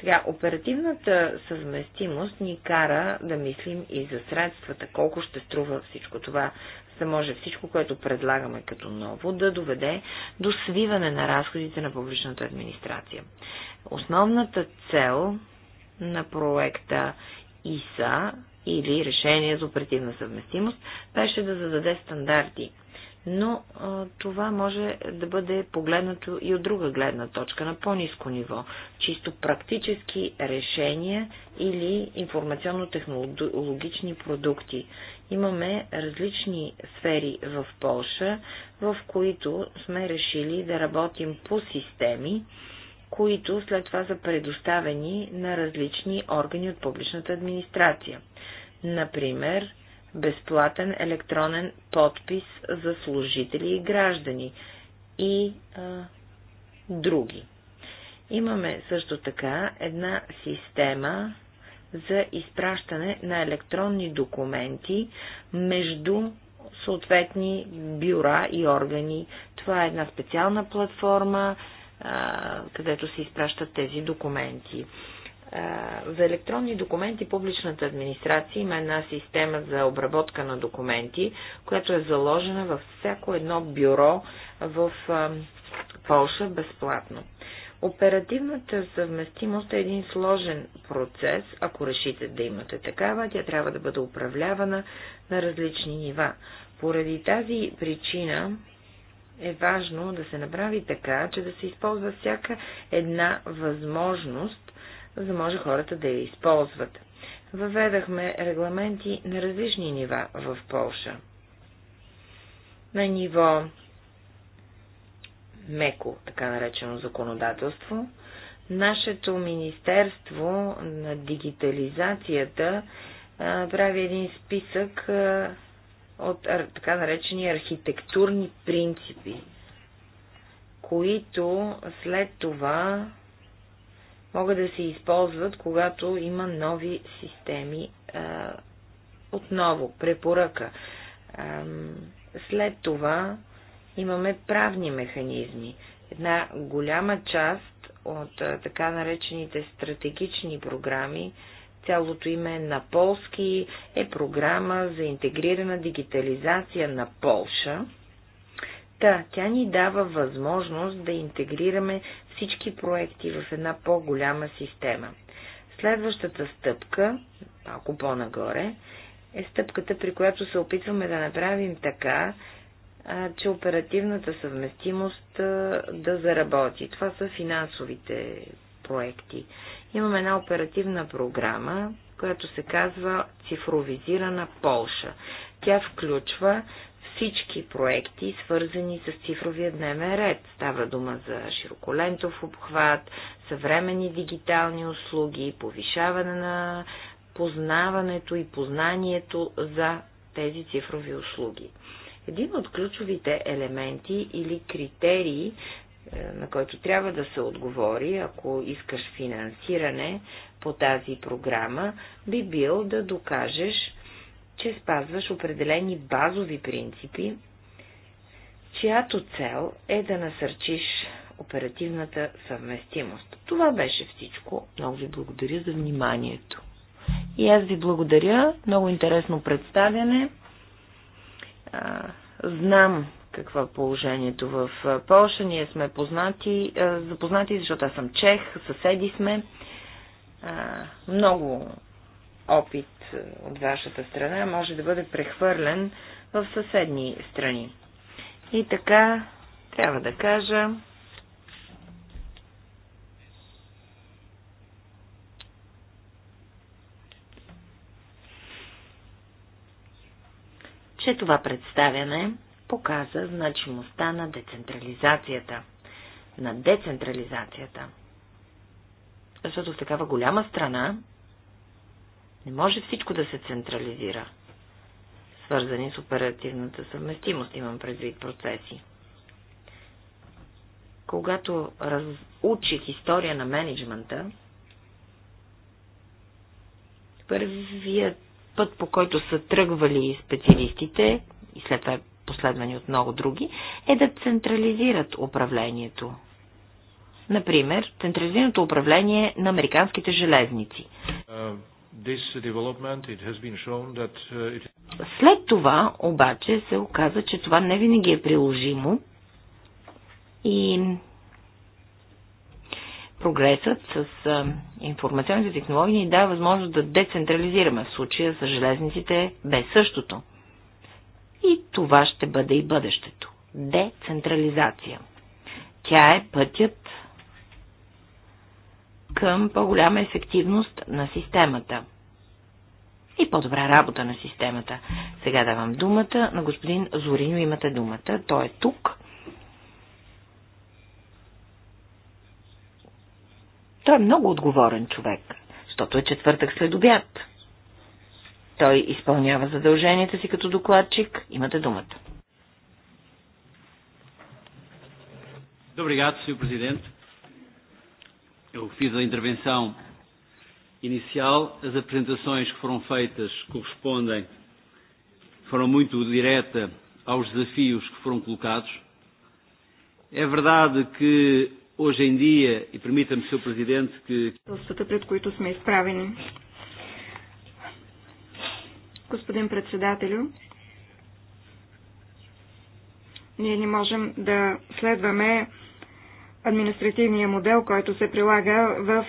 Сега, оперативната съвместимост ни кара да мислим и за средствата, колко ще струва всичко това, за да може всичко, което предлагаме като ново, да доведе до свиване на разходите на публичната администрация. Основната цел на проекта ИСА или решение за оперативна съвместимост беше да зададе стандарти. Но а, това може да бъде погледнато и от друга гледна точка, на по-низко ниво. Чисто практически решения или информационно-технологични продукти. Имаме различни сфери в Полша, в които сме решили да работим по системи, които след това са предоставени на различни органи от публичната администрация. Например, безплатен електронен подпис за служители и граждани и а, други. Имаме също така една система за изпращане на електронни документи между съответни бюра и органи. Това е една специална платформа, където се изпращат тези документи. За електронни документи публичната администрация има една система за обработка на документи, която е заложена във всяко едно бюро в Полша безплатно. Оперативната съвместимост е един сложен процес, ако решите да имате такава, тя трябва да бъде управлявана на различни нива. Поради тази причина е важно да се направи така, че да се използва всяка една възможност, за да може хората да я използват. Въведахме регламенти на различни нива в Полша. На ниво меко, така наречено законодателство, нашето Министерство на дигитализацията прави един списък от така наречени архитектурни принципи, които след това могат да се използват, когато има нови системи. отново, препоръка. след това имаме правни механизми. Една голяма част от така наречените стратегични програми Цялото име на полски е програма за интегрирана дигитализация на Полша. Та, тя ни дава възможност да интегрираме всички проекти в една по-голяма система. Следващата стъпка, малко по-нагоре, е стъпката, при която се опитваме да направим така, че оперативната съвместимост да заработи. Това са финансовите проекти. Имаме една оперативна програма, която се казва Цифровизирана Полша. Тя включва всички проекти, свързани с цифровия дневен ред. Става дума за широколентов обхват, съвремени дигитални услуги, повишаване на познаването и познанието за тези цифрови услуги. Един от ключовите елементи или критерии на който трябва да се отговори, ако искаш финансиране по тази програма, би бил да докажеш, че спазваш определени базови принципи, чиято цел е да насърчиш оперативната съвместимост. Това беше всичко. Много ви благодаря за вниманието. И аз ви благодаря. Много интересно представяне. знам какво е положението в Польша. Ние сме познати, запознати, защото аз съм чех, съседи сме. Много опит от вашата страна може да бъде прехвърлен в съседни страни. И така, трябва да кажа, че това представяне показа значимостта на децентрализацията. На децентрализацията. Защото в такава голяма страна не може всичко да се централизира. Свързани с оперативната съвместимост имам предвид процеси. Когато разучих история на менеджмента, първият път, по който са тръгвали специалистите, и след това последвани от много други, е да централизират управлението. Например, централизираното управление на американските железници. Uh, uh, След това обаче се оказа, че това не винаги е приложимо и прогресът с информационните технологии ни дава възможност да децентрализираме в случая с железниците без същото. И това ще бъде и бъдещето. Децентрализация. Тя е пътят към по-голяма ефективност на системата и по-добра работа на системата. Сега давам думата на господин Зориньо. Имате думата. Той е тук. Той е много отговорен човек, защото е четвъртък след обяд. Той изпълнява задълженията си като докладчик. Имате думата. Obrigado, Sr. Presidente. Eu fiz a intervenção inicial. As apresentações que foram feitas correspondem, foram muito direta aos desafios que foram colocados. É verdade que hoje em dia, e permita-me, Sr. Presidente, que господин председателю. Ние не можем да следваме административния модел, който се прилага в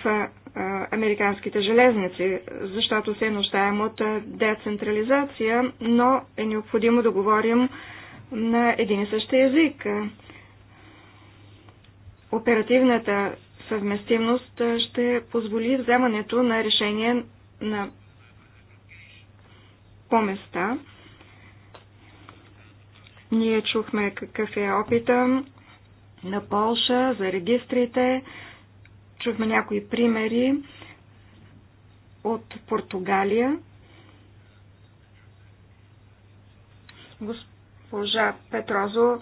американските железници, защото се нуждаем от децентрализация, но е необходимо да говорим на един и същи език. Оперативната съвместимост ще позволи вземането на решение на по места. Ние чухме какъв е опита на Полша за регистрите, чухме някои примери от Португалия. Госпожа Петрозо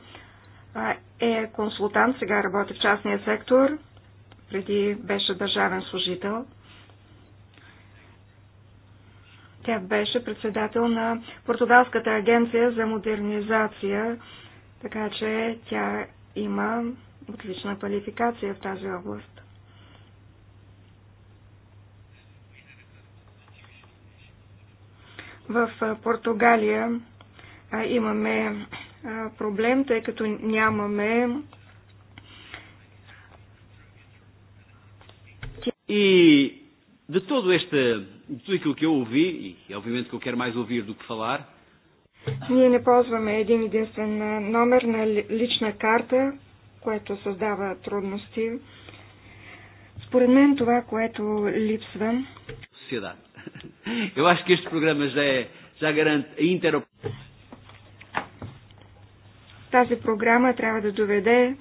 е консултант, сега работи в частния сектор, преди беше държавен служител – Тя беше председател на Португалската агенция за модернизация, така че тя има отлична квалификация в тази област. В Португалия имаме проблем, тъй като нямаме и Да todo este de tudo aquilo que eu ouvi, e obviamente que eu quero mais ouvir do que falar. Ние не ползваме един единствен номер на лична карта, което създава трудности. Според мен това, което липсва... Eu acho que este programa já, é, já garante a interoperabilidade. Тази програма трябва да доведе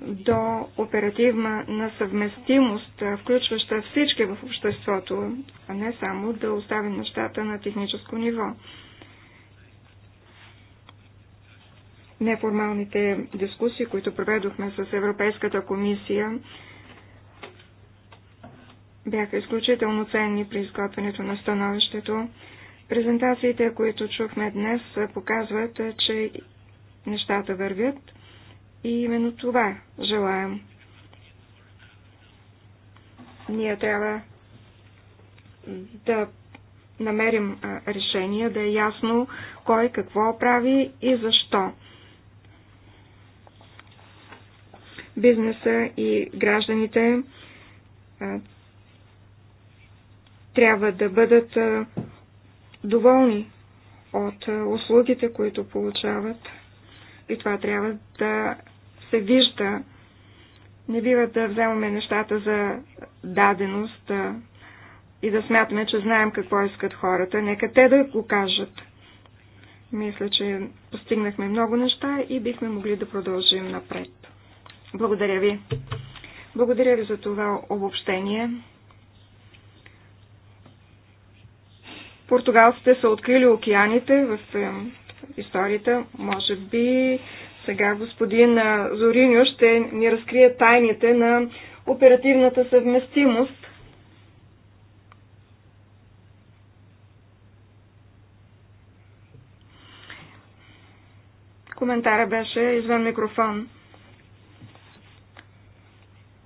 до оперативна на съвместимост, включваща всички в обществото, а не само да оставим нещата на техническо ниво. Неформалните дискусии, които проведохме с Европейската комисия, бяха изключително ценни при изготвянето на становището. Презентациите, които чухме днес, показват, че нещата вървят – и именно това желаем. Ние трябва да намерим решение, да е ясно кой какво прави и защо. Бизнеса и гражданите трябва да бъдат доволни от услугите, които получават и това трябва да се вижда. Не бива да вземаме нещата за даденост и да смятаме, че знаем какво искат хората. Нека те да го кажат. Мисля, че постигнахме много неща и бихме могли да продължим напред. Благодаря ви. Благодаря ви за това обобщение. Португалците са открили океаните в историята. Може би сега господин Зориньо ще ни разкрие тайните на оперативната съвместимост. Коментара беше извън микрофон.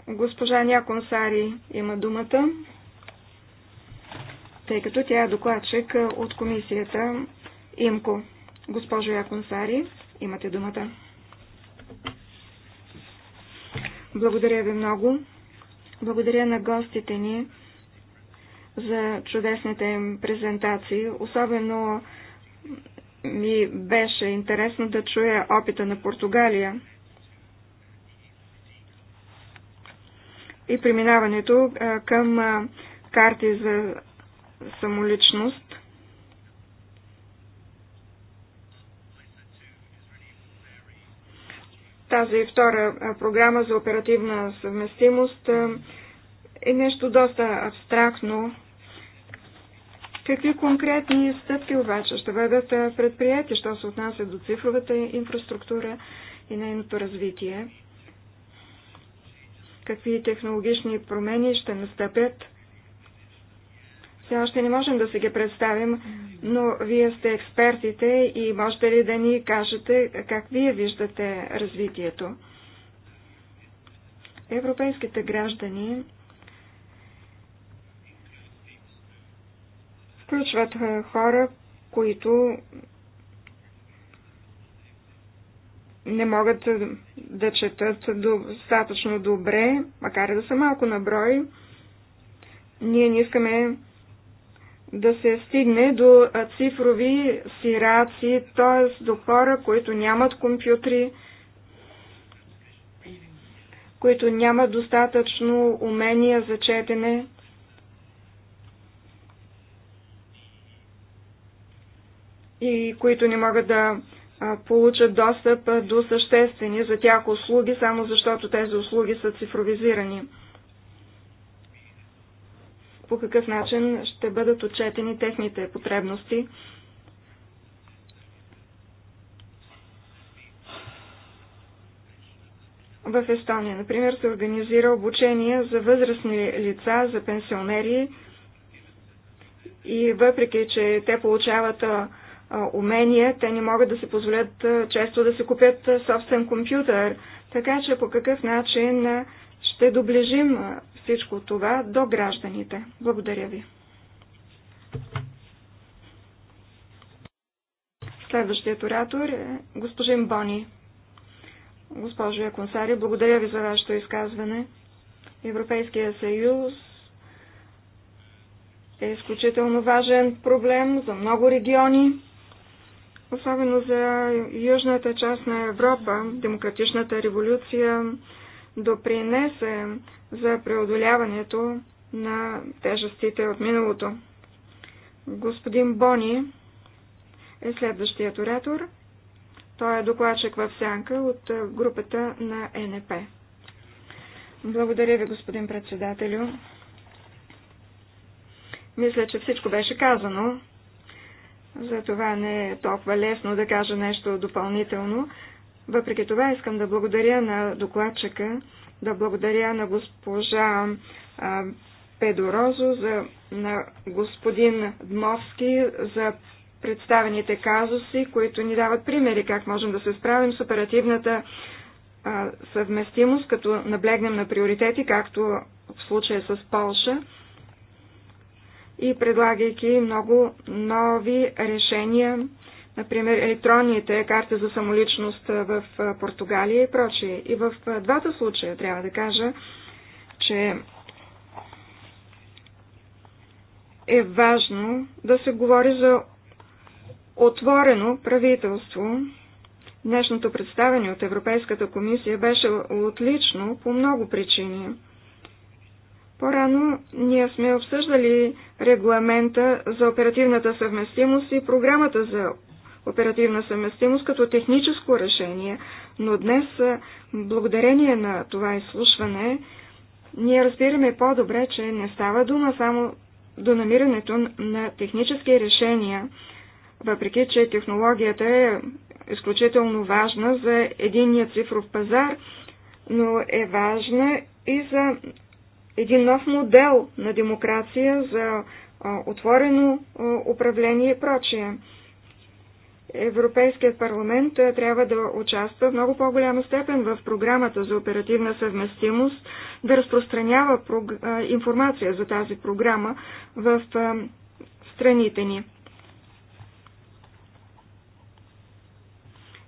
Госпожа Някон Сари има думата, тъй като тя е докладчик от комисията ИМКО. Госпожо Яконсари, имате думата. Благодаря ви много. Благодаря на гостите ни за чудесните им презентации. Особено ми беше интересно да чуя опита на Португалия и преминаването към карти за самоличност. Тази втора програма за оперативна съвместимост е нещо доста абстрактно. Какви конкретни стъпки обаче ще бъдат предприяти, що се отнася до цифровата инфраструктура и нейното развитие? Какви технологични промени ще настъпят? Все още не можем да се ги представим, но вие сте експертите и можете ли да ни кажете как вие виждате развитието? Европейските граждани включват е, хора, които не могат е, да четат достатъчно добре, макар и да са малко на брой. Ние не искаме да се стигне до цифрови сираци, т.е. до хора, които нямат компютри, които нямат достатъчно умения за четене. и които не могат да получат достъп до съществени за тях услуги, само защото тези услуги са цифровизирани по какъв начин ще бъдат отчетени техните потребности. В Естония, например, се организира обучение за възрастни лица, за пенсионери и въпреки, че те получават умения, те не могат да се позволят често да се купят собствен компютър. Така че по какъв начин ще доближим всичко това до гражданите. Благодаря ви. Следващият оратор е господин Бони. Госпожо Яконсари, благодаря ви за вашето изказване. Европейския съюз е изключително важен проблем за много региони, особено за южната част на Европа, демократичната революция, допринесем за преодоляването на тежестите от миналото. Господин Бони е следващият оратор. Той е докладчик в сянка от групата на НП. Благодаря ви, господин председателю. Мисля, че всичко беше казано. Затова не е толкова лесно да кажа нещо допълнително. Въпреки това искам да благодаря на докладчика, да благодаря на госпожа Педорозо, на господин Дмовски за представените казуси, които ни дават примери как можем да се справим с оперативната а, съвместимост, като наблегнем на приоритети, както в случая с Полша и предлагайки много нови решения например, електронните карти за самоличност в Португалия и прочие. И в двата случая трябва да кажа, че е важно да се говори за отворено правителство. Днешното представяне от Европейската комисия беше отлично по много причини. По-рано ние сме обсъждали регламента за оперативната съвместимост и програмата за оперативна съвместимост като техническо решение, но днес, благодарение на това изслушване, ние разбираме по-добре, че не става дума само до намирането на технически решения, въпреки че технологията е изключително важна за единния цифров пазар, но е важна и за един нов модел на демокрация, за отворено управление и прочее. Европейският парламент трябва да участва в много по-голяма степен в програмата за оперативна съвместимост, да разпространява информация за тази програма в страните ни.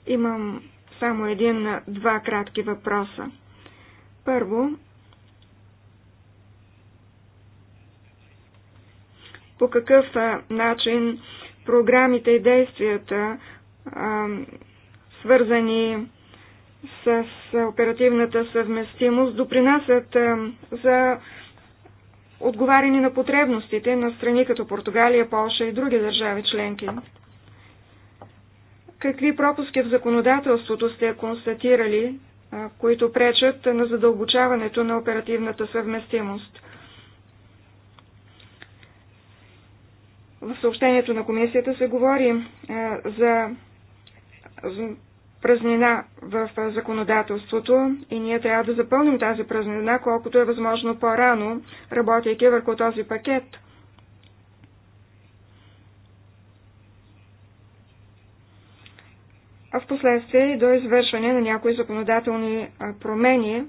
Имам само един-два кратки въпроса. Първо, по какъв начин програмите и действията, свързани с оперативната съвместимост, допринасят за отговаряне на потребностите на страни като Португалия, Полша и други държави членки. Какви пропуски в законодателството сте констатирали, които пречат на задълбочаването на оперативната съвместимост? В съобщението на комисията се говори е, за празнина в законодателството и ние трябва да запълним тази празнина колкото е възможно по-рано, работейки върху този пакет. А в последствие и до извършване на някои законодателни е, промени,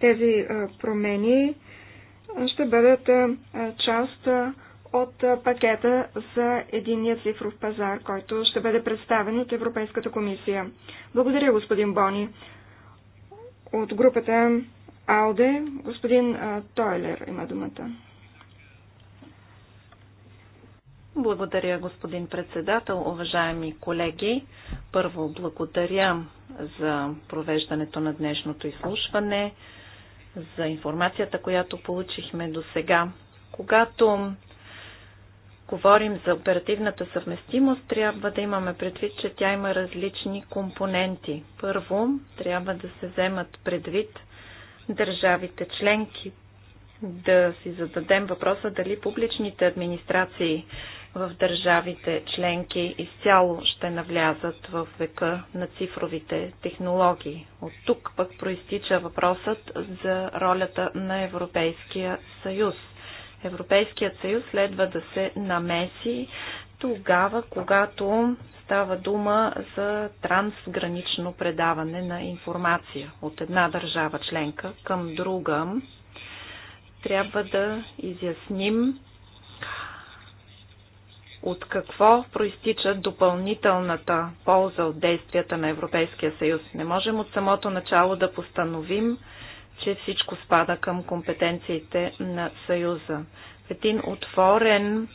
тези е, промени ще бъдат е, част е, от е, пакета за единия цифров пазар, който ще бъде представен от Европейската комисия. Благодаря, господин Бони. От групата АЛДЕ, господин Тойлер има думата. Благодаря, господин председател. Уважаеми колеги, първо благодаря за провеждането на днешното изслушване за информацията, която получихме до сега. Когато говорим за оперативната съвместимост, трябва да имаме предвид, че тя има различни компоненти. Първо, трябва да се вземат предвид държавите членки, да си зададем въпроса дали публичните администрации в държавите членки изцяло ще навлязат в века на цифровите технологии. От тук пък проистича въпросът за ролята на Европейския съюз. Европейският съюз следва да се намеси тогава, когато става дума за трансгранично предаване на информация от една държава членка към друга, трябва да изясним от какво проистича допълнителната полза от действията на Европейския съюз. Не можем от самото начало да постановим, че всичко спада към компетенциите на Съюза. В един отворен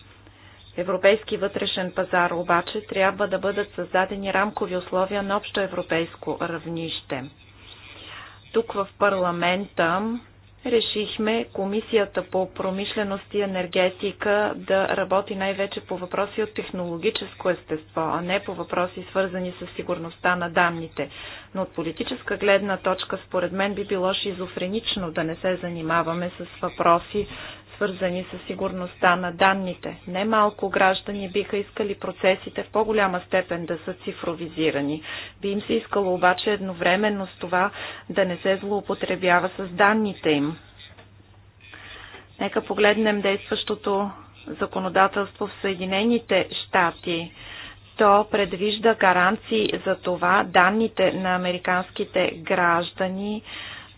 европейски вътрешен пазар обаче трябва да бъдат създадени рамкови условия на общо европейско равнище. Тук в парламента решихме Комисията по промишленост и енергетика да работи най-вече по въпроси от технологическо естество, а не по въпроси свързани с сигурността на данните. Но от политическа гледна точка, според мен, би било шизофренично да не се занимаваме с въпроси, свързани с сигурността на данните. Немалко граждани биха искали процесите в по-голяма степен да са цифровизирани. Би им се искало обаче едновременно с това да не се злоупотребява с данните им. Нека погледнем действащото законодателство в Съединените щати. То предвижда гаранции за това данните на американските граждани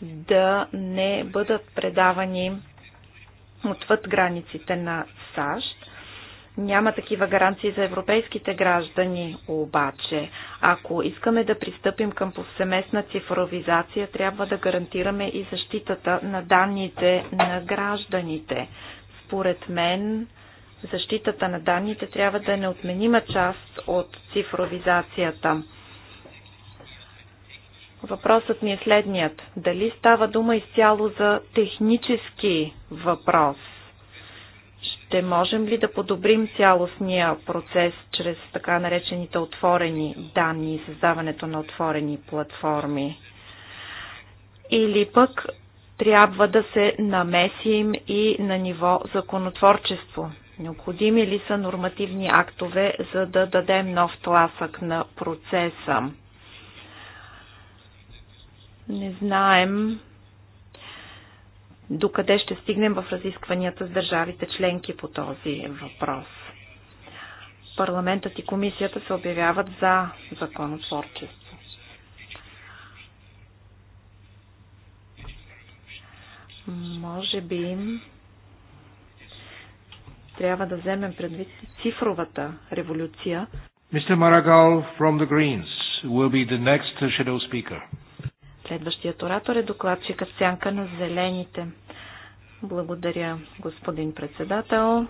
да не бъдат предавани отвъд границите на САЩ. Няма такива гаранции за европейските граждани, обаче. Ако искаме да пристъпим към повсеместна цифровизация, трябва да гарантираме и защитата на данните на гражданите. Според мен, защитата на данните трябва да е неотменима част от цифровизацията. Въпросът ми е следният. Дали става дума изцяло за технически въпрос? Ще можем ли да подобрим цялостния процес чрез така наречените отворени данни и създаването на отворени платформи? Или пък трябва да се намесим и на ниво законотворчество? Необходими ли са нормативни актове, за да дадем нов тласък на процеса? Не знаем докъде ще стигнем в разискванията с държавите членки по този въпрос. Парламентът и комисията се обявяват за законотворчество. Може би трябва да вземем предвид цифровата революция. Mr. Maragall from the Greens will be the next shadow speaker. Следващият оратор е докладчика Сянка на Зелените. Благодаря, господин председател.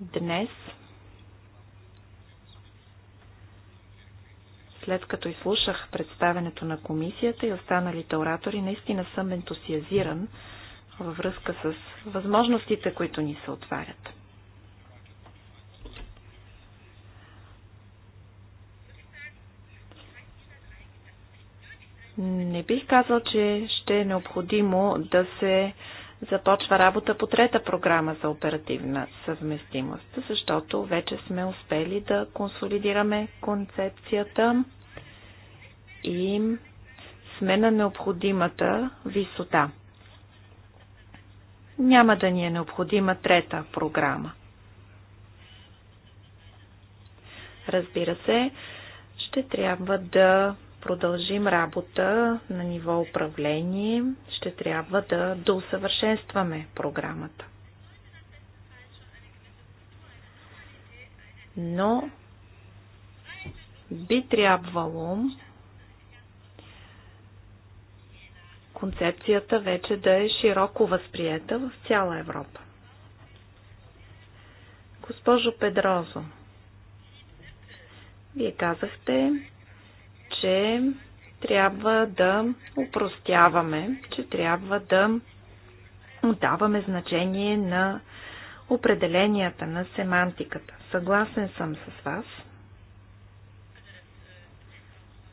Днес, след като изслушах представенето на комисията и останалите оратори, наистина съм ентусиазиран във връзка с възможностите, които ни се отварят. Не бих казал, че ще е необходимо да се започва работа по трета програма за оперативна съвместимост, защото вече сме успели да консолидираме концепцията и сме на необходимата висота. Няма да ни е необходима трета програма. Разбира се, ще трябва да продължим работа на ниво управление, ще трябва да доусъвършенстваме програмата. Но би трябвало концепцията вече да е широко възприета в цяла Европа. Госпожо Педрозо, вие казахте, че трябва да упростяваме, че трябва да отдаваме значение на определенията на семантиката. Съгласен съм с вас.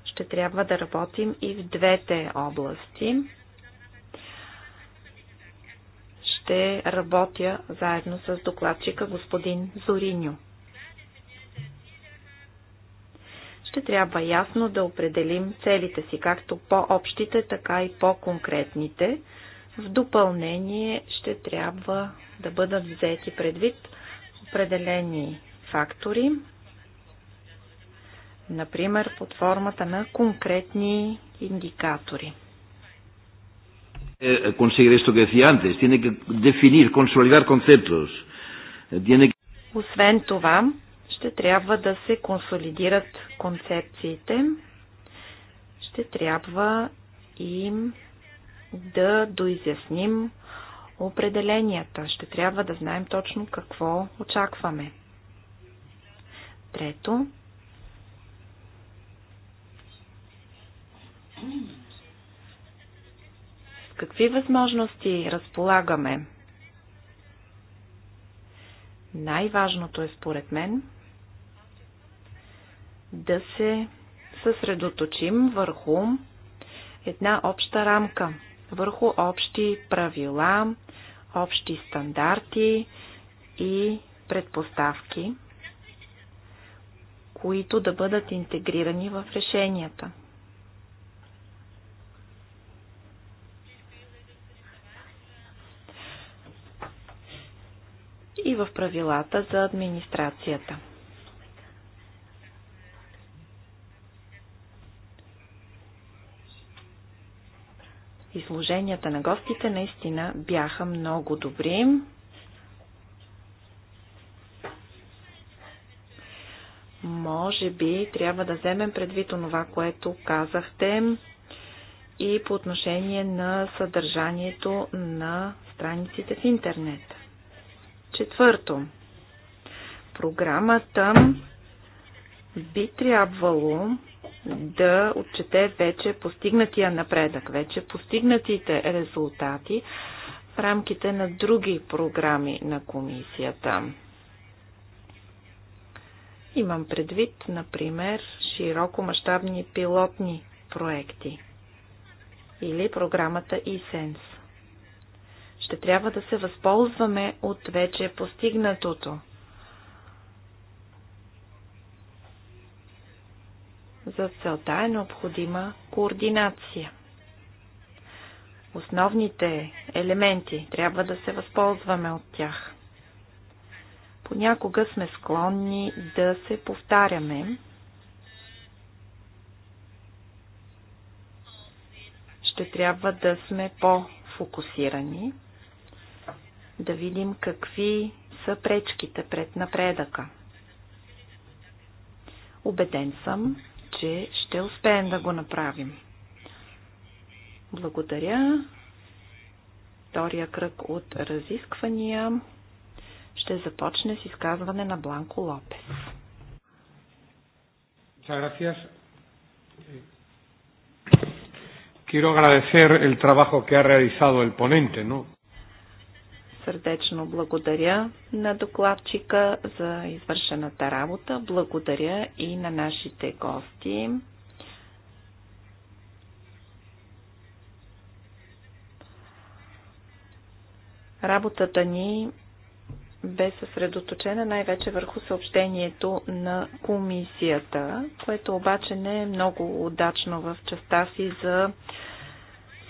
Ще трябва да работим и в двете области. Ще работя заедно с докладчика господин Зориньо. ще трябва ясно да определим целите си, както по-общите, така и по-конкретните. В допълнение ще трябва да бъдат взети предвид определени фактори, например под формата на конкретни индикатори. Е, е, conseguir esto que decía antes, tiene que definir, consolidar conceptos. Tiene que... Освен това, ще трябва да се консолидират концепциите. Ще трябва и да доизясним определенията. Ще трябва да знаем точно какво очакваме. Трето, с какви възможности разполагаме? Най-важното е според мен – да се съсредоточим върху една обща рамка, върху общи правила, общи стандарти и предпоставки, които да бъдат интегрирани в решенията. И в правилата за администрацията. Изложенията на гостите наистина бяха много добри. Може би трябва да вземем предвид онова, което казахте и по отношение на съдържанието на страниците в интернет. Четвърто. Програмата би трябвало да отчете вече постигнатия напредък, вече постигнатите резултати в рамките на други програми на комисията. Имам предвид, например, широкомащабни пилотни проекти или програмата eSense. Ще трябва да се възползваме от вече постигнатото – За целта е необходима координация. Основните елементи трябва да се възползваме от тях. Понякога сме склонни да се повтаряме. Ще трябва да сме по-фокусирани, да видим какви са пречките пред напредъка. Убеден съм, че ще успеем да го направим. Благодаря. Втория кръг от разисквания ще започне с изказване на Бланко Лопес. Quiero agradecer el trabajo que ha realizado el ponente, ¿no? Сърдечно благодаря на докладчика за извършената работа. Благодаря и на нашите гости. Работата ни бе съсредоточена най-вече върху съобщението на комисията, което обаче не е много удачно в частта си за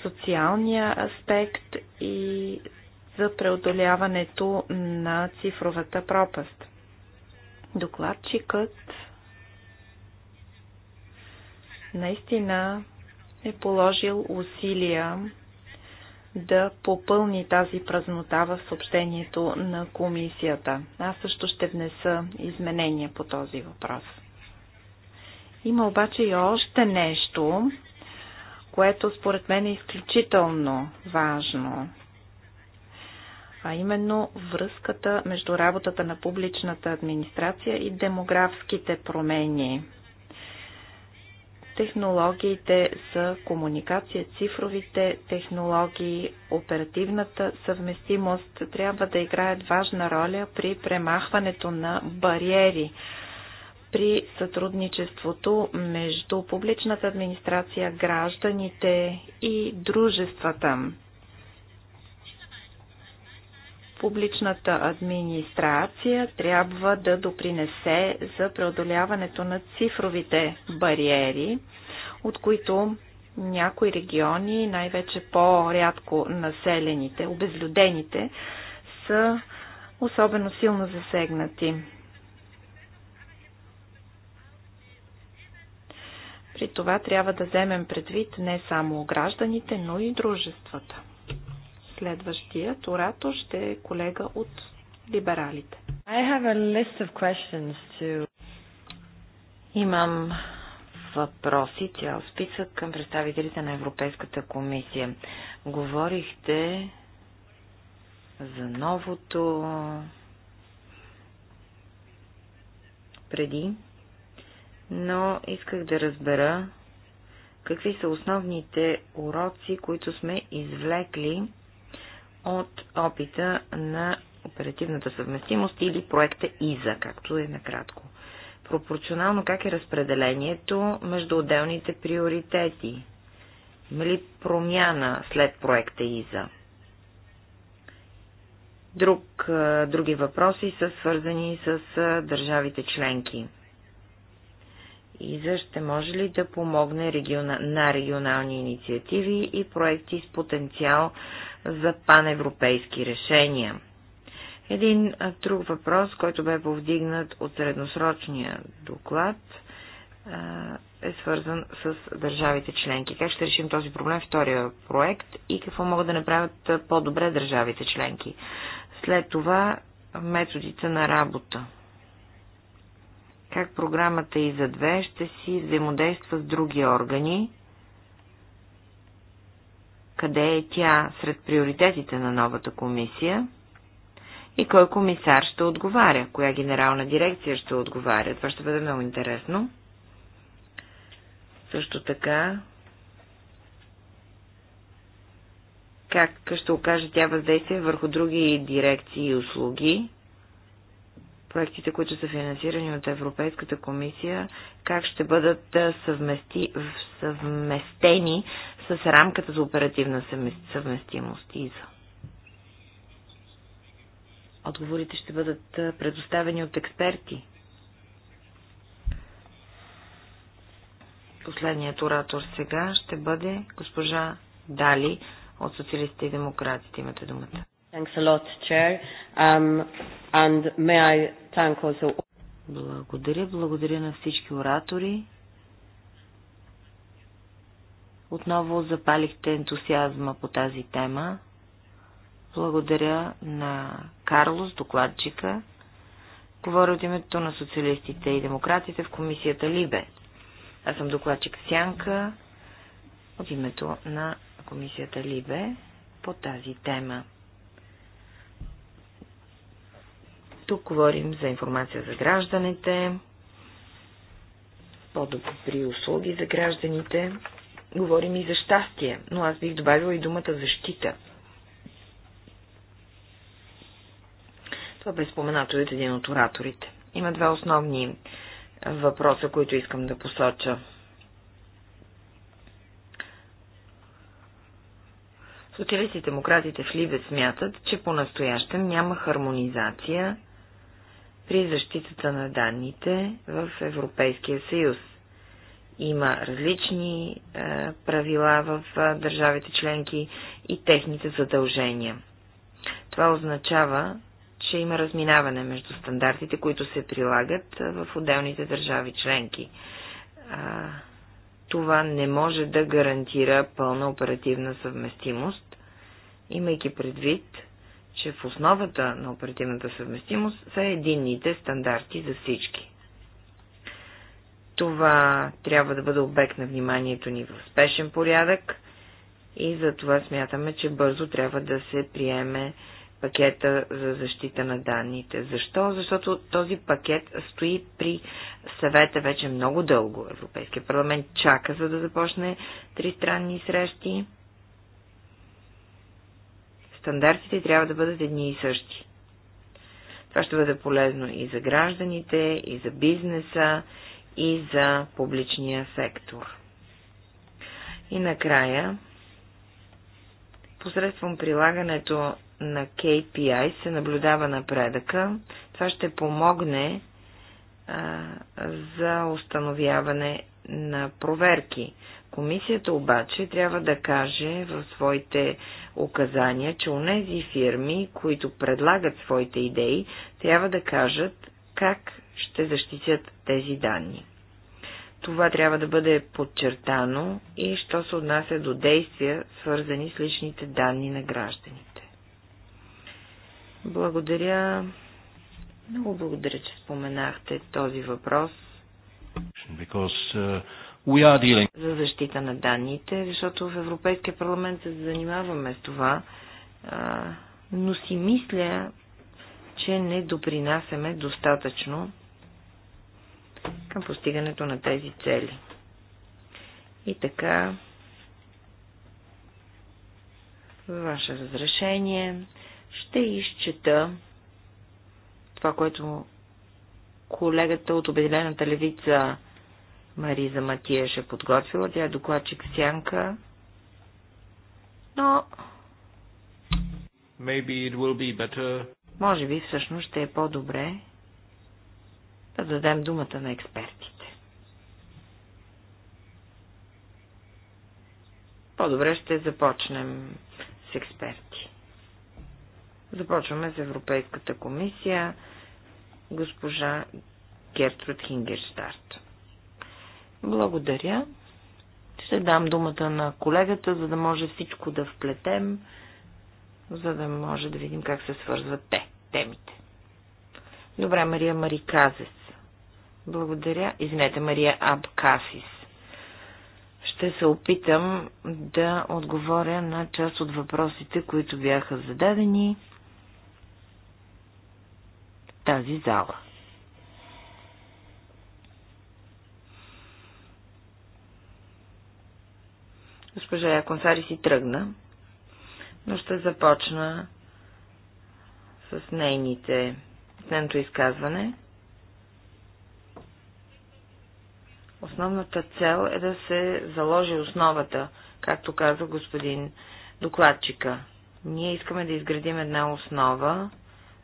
социалния аспект и за преодоляването на цифровата пропаст. Докладчикът наистина е положил усилия да попълни тази празнота в съобщението на комисията. Аз също ще внеса изменения по този въпрос. Има обаче и още нещо, което според мен е изключително важно а именно връзката между работата на публичната администрация и демографските промени. Технологиите за комуникация, цифровите технологии, оперативната съвместимост трябва да играят важна роля при премахването на бариери при сътрудничеството между публичната администрация, гражданите и дружествата публичната администрация трябва да допринесе за преодоляването на цифровите бариери, от които някои региони, най-вече по-рядко населените, обезлюдените, са особено силно засегнати. При това трябва да вземем предвид не само гражданите, но и дружествата. Следващият оратор ще е колега от либералите. I have a list of questions to... Имам въпроси, цял списък към представителите на Европейската комисия. Говорихте за новото преди, но исках да разбера какви са основните уроци, които сме извлекли от опита на оперативната съвместимост или проекта ИЗА, както е накратко. Пропорционално как е разпределението между отделните приоритети? Има ли промяна след проекта ИЗА? Друг, други въпроси са свързани с държавите членки. ИЗА ще може ли да помогне региона, на регионални инициативи и проекти с потенциал за паневропейски решения. Един друг въпрос, който бе повдигнат от средносрочния доклад, е свързан с държавите членки. Как ще решим този проблем, втория проект и какво могат да направят по-добре държавите членки. След това методите на работа. Как програмата и за две ще си взаимодейства с други органи, къде е тя сред приоритетите на новата комисия? И кой комисар ще отговаря? Коя генерална дирекция ще отговаря? Това ще бъде много интересно. Също така, как ще окаже тя въздействие върху други дирекции и услуги, проектите, които са финансирани от Европейската комисия, как ще бъдат съвмести, съвместени с рамката за оперативна съвместимост ИЗА. Отговорите ще бъдат предоставени от експерти. Последният оратор сега ще бъде госпожа Дали от Социалистите и Демократите. Имате думата. Thanks a lot, Chair. Um, and may I thank also... Благодаря. Благодаря на всички оратори. Отново запалихте ентусиазма по тази тема. Благодаря на Карлос, докладчика. Говоря от името на социалистите и демократите в комисията Либе. Аз съм докладчик Сянка от името на комисията Либе по тази тема. Тук говорим за информация за гражданите, по-добри услуги за гражданите Говорим и за щастие, но аз бих добавила и думата защита. Това бе споменато от един от ораторите. Има два основни въпроса, които искам да посоча. Социалистите демократите в Либе смятат, че по-настоящем няма хармонизация при защитата на данните в Европейския съюз. Има различни е, правила в е, държавите членки и техните задължения. Това означава, че има разминаване между стандартите, които се прилагат е, в отделните държави членки. Това не може да гарантира пълна оперативна съвместимост, имайки предвид, че в основата на оперативната съвместимост са единните стандарти за всички. Това трябва да бъде обект на вниманието ни в спешен порядък и за това смятаме, че бързо трябва да се приеме пакета за защита на данните. Защо? Защото този пакет стои при съвета вече много дълго. Европейския парламент чака, за да започне тристранни срещи. Стандартите трябва да бъдат едни и същи. Това ще бъде полезно и за гражданите, и за бизнеса, и за публичния сектор. И накрая, посредством прилагането на KPI се наблюдава напредъка. Това ще помогне а, за установяване на проверки. Комисията обаче трябва да каже в своите указания, че у нези фирми, които предлагат своите идеи, трябва да кажат как ще защитят тези данни. Това трябва да бъде подчертано и що се отнася до действия, свързани с личните данни на гражданите. Благодаря. Много благодаря, че споменахте този въпрос. Because, uh, dealing... За защита на данните, защото в Европейския парламент се занимаваме с това, но си мисля, че не допринасяме достатъчно към постигането на тези цели. И така, ваше разрешение, ще изчета това, което колегата от Обединената левица Мариза Матиеш е подготвила. Тя е докладчик Сянка. Но... Maybe it will be better. Може би всъщност ще е по-добре да дадем думата на експертите. По-добре ще започнем с експерти. Започваме с Европейската комисия, госпожа Гертруд Хингерштарт. Благодаря. Ще дам думата на колегата, за да може всичко да вплетем, за да може да видим как се свързват те, темите. Добре, Мария Казес. Благодаря. Извинете, Мария Абкасис. Ще се опитам да отговоря на част от въпросите, които бяха зададени в тази зала. Госпожа Яконсари си тръгна, но ще започна с нейните, с нейното изказване – Основната цел е да се заложи основата, както каза господин докладчика. Ние искаме да изградим една основа,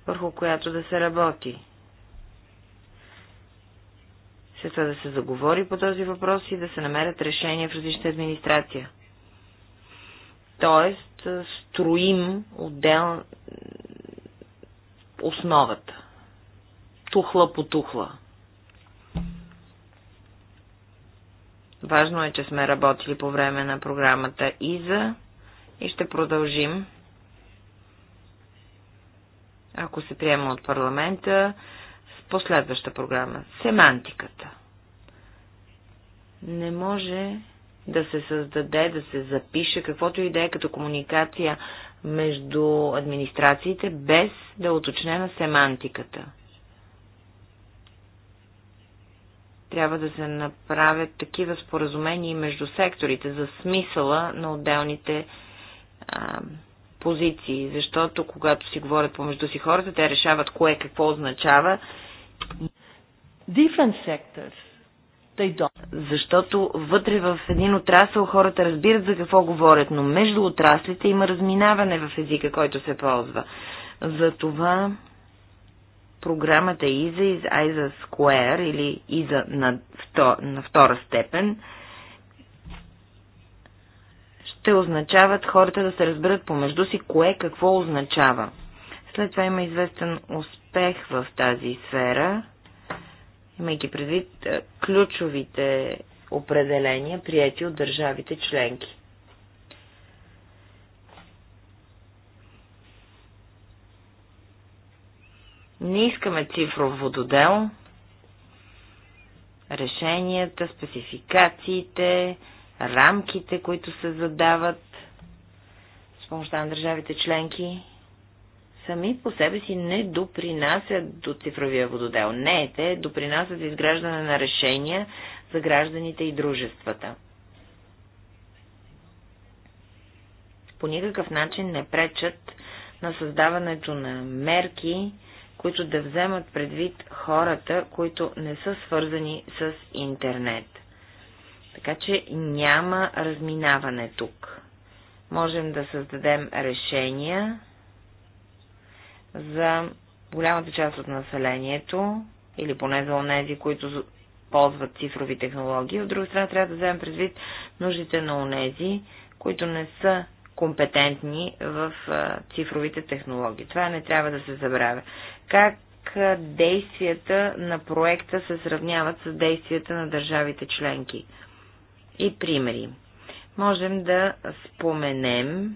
върху която да се работи. След това да се заговори по този въпрос и да се намерят решения в различната администрация. Тоест, е, строим отдел основата. Тухла по тухла. Важно е, че сме работили по време на програмата ИЗА и ще продължим. Ако се приема от парламента, с последваща програма. Семантиката. Не може да се създаде, да се запише каквото и да е като комуникация между администрациите, без да е уточнена семантиката. Трябва да се направят такива споразумения между секторите за смисъла на отделните а, позиции, защото когато си говорят помежду си хората, те решават кое какво означава. Different sectors. Защото вътре в един отрасъл хората разбират за какво говорят, но между отраслите има разминаване в езика, който се ползва. Затова програмата ИЗА из Айза Square или ИЗА на, на втора степен ще означават хората да се разберат помежду си кое какво означава. След това има известен успех в тази сфера, имайки предвид е, ключовите определения, прияти от държавите членки. Не искаме цифров вододел. Решенията, спецификациите, рамките, които се задават с помощта на държавите членки, сами по себе си не допринасят до цифровия вододел. Не, те допринасят за изграждане на решения за гражданите и дружествата. По никакъв начин не пречат на създаването на мерки които да вземат предвид хората, които не са свързани с интернет. Така че няма разминаване тук. Можем да създадем решения за голямата част от населението, или поне за онези, които ползват цифрови технологии. От друга страна трябва да вземем предвид нуждите на онези, които не са компетентни в цифровите технологии. Това не трябва да се забравя. Как действията на проекта се сравняват с действията на държавите членки? И примери. Можем да споменем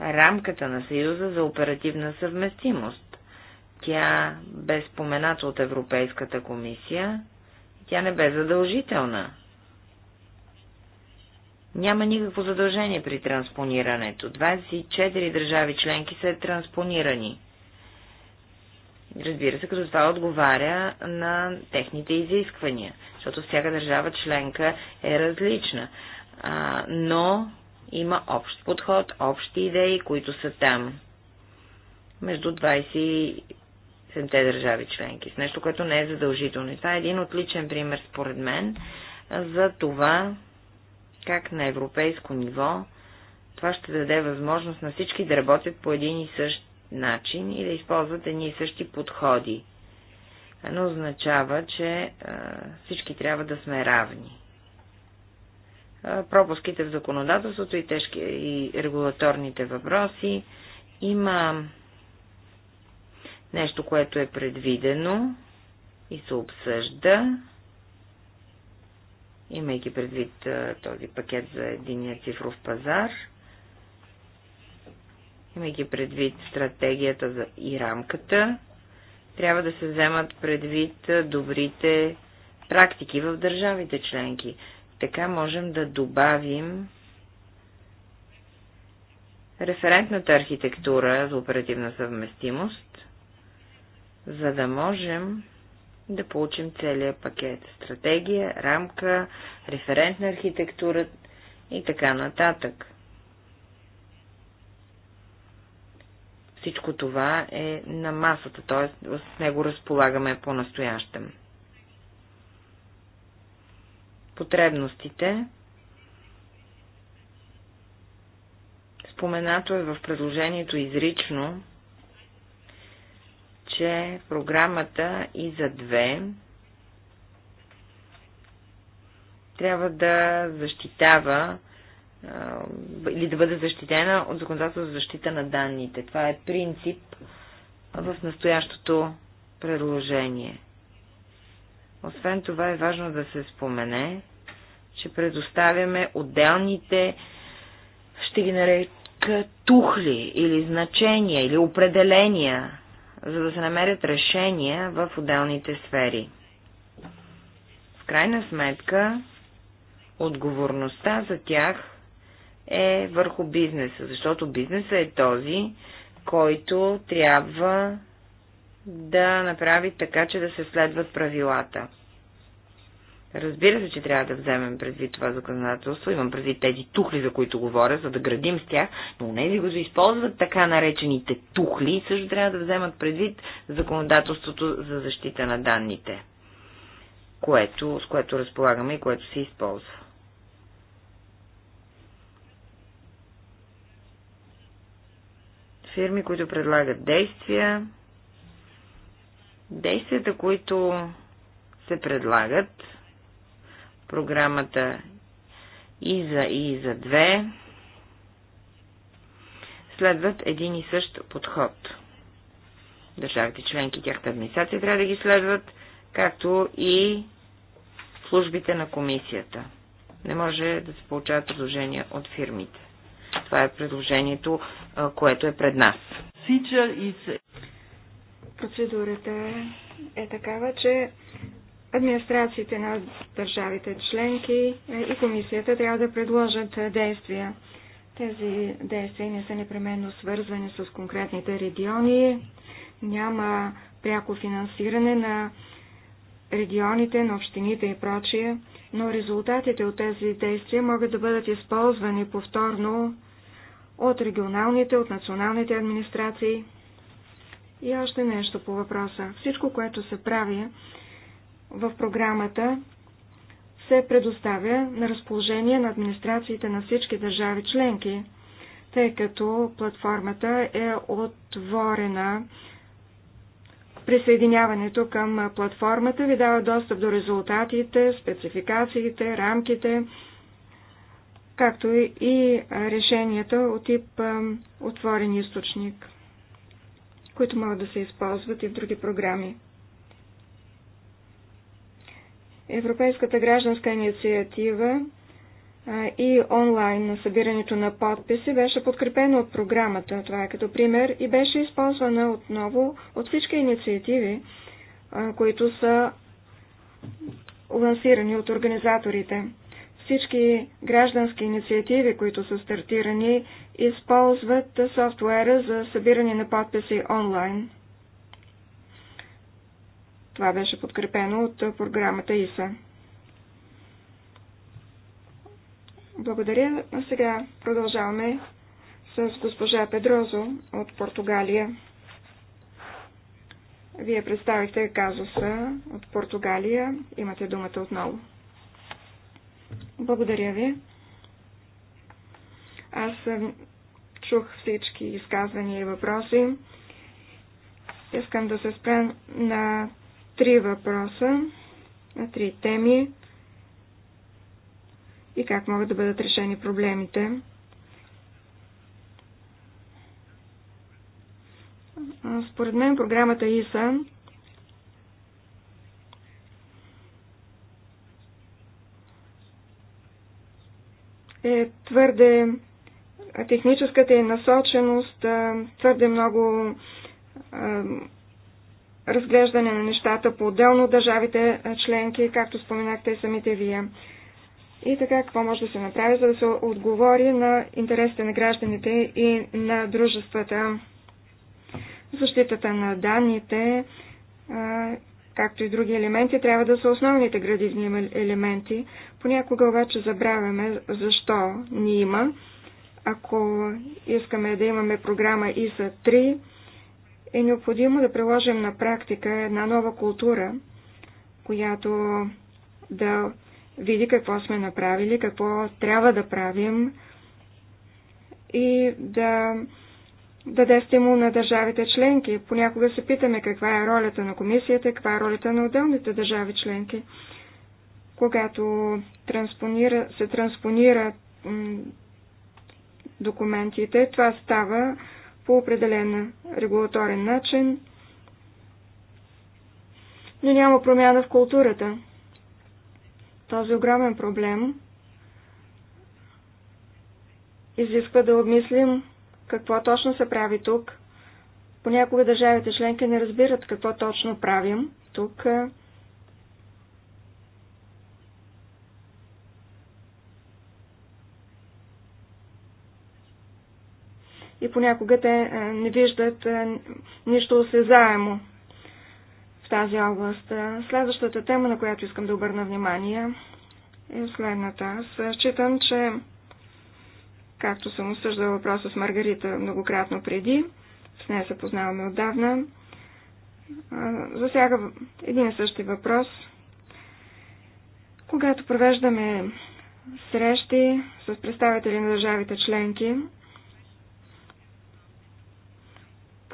рамката на Съюза за оперативна съвместимост. Тя бе спомената от Европейската комисия. Тя не бе задължителна. Няма никакво задължение при транспонирането. 24 държави членки са транспонирани. Разбира се, като това отговаря на техните изисквания, защото всяка държава членка е различна. А, но има общ подход, общи идеи, които са там. Между 27-те държави членки. С нещо, което не е задължително. И това е един отличен пример, според мен, за това, как на европейско ниво това ще даде възможност на всички да работят по един и същ начин и да използват едни и същи подходи. Но означава, че всички трябва да сме равни. пропуските в законодателството и, тежки, и регулаторните въпроси има нещо, което е предвидено и се обсъжда имайки предвид този пакет за единия цифров пазар, имайки предвид стратегията за и рамката, трябва да се вземат предвид добрите практики в държавите членки. Така можем да добавим референтната архитектура за оперативна съвместимост, за да можем да получим целия пакет. Стратегия, рамка, референтна архитектура и така нататък. Всичко това е на масата, т.е. с него разполагаме по-настоящем. Потребностите споменато е в предложението изрично, че програмата и за две трябва да защитава или да бъде защитена от законодателство за защита на данните. Това е принцип в настоящото предложение. Освен това е важно да се спомене, че предоставяме отделните, ще ги нарека, тухли или значения или определения за да се намерят решения в отделните сфери. В крайна сметка, отговорността за тях е върху бизнеса, защото бизнеса е този, който трябва да направи така, че да се следват правилата. Разбира се, че трябва да вземем предвид това законодателство. Имам предвид тези тухли, за които говоря, за да градим с тях, но нези които използват така наречените тухли, също трябва да вземат предвид законодателството за защита на данните, което, с което разполагаме и което се използва. Фирми, които предлагат действия, действията, които се предлагат, програмата ИЗА и за 2 следват един и същ подход. Държавите членки, тяхната администрация трябва да ги следват, както и службите на комисията. Не може да се получават предложения от фирмите. Това е предложението, което е пред нас. Процедурата е такава, че администрациите на държавите членки е, и комисията трябва да предложат е, действия. Тези действия не са непременно свързвани с конкретните региони. Няма пряко финансиране на регионите, на общините и прочие, но резултатите от тези действия могат да бъдат използвани повторно от регионалните, от националните администрации. И още нещо по въпроса. Всичко, което се прави, в програмата се предоставя на разположение на администрациите на всички държави членки, тъй като платформата е отворена. Присъединяването към платформата ви дава достъп до резултатите, спецификациите, рамките, както и решенията от тип отворен източник, които могат да се използват и в други програми. Европейската гражданска инициатива и онлайн на събирането на подписи беше подкрепено от програмата, това е като пример, и беше използвана отново от всички инициативи, които са лансирани от организаторите. Всички граждански инициативи, които са стартирани, използват софтуера за събиране на подписи онлайн. Това беше подкрепено от програмата ИСА. Благодаря. А сега продължаваме с госпожа Педрозо от Португалия. Вие представихте казуса от Португалия. Имате думата отново. Благодаря ви. Аз чух всички изказвания и въпроси. Искам да се спра на три въпроса, на три теми и как могат да бъдат решени проблемите. Според мен програмата ИСА е твърде техническата е насоченост, твърде много разглеждане на нещата по-отделно от държавите членки, както споменахте и самите вие. И така, какво може да се направи, за да се отговори на интересите на гражданите и на дружествата? Защитата на данните, както и други елементи, трябва да са основните градивни елементи. Понякога обаче забравяме защо ни има. Ако искаме да имаме програма ИСА 3, е необходимо да приложим на практика една нова култура, която да види какво сме направили, какво трябва да правим и да даде стимул на държавите членки. Понякога се питаме каква е ролята на комисията, каква е ролята на отделните държави членки. Когато транспонира, се транспонират документите, това става по определен регулаторен начин, но няма промяна в културата. Този огромен проблем изисква да обмислим какво точно се прави тук. Понякога държавите членки не разбират какво точно правим тук. и понякога те е, не виждат е, нищо осезаемо в тази област. Е, следващата тема, на която искам да обърна внимание, е следната. Аз считам, че, както съм осъждала въпроса с Маргарита многократно преди, с нея се познаваме отдавна, засяга един и същи въпрос. Когато провеждаме срещи с представители на държавите членки,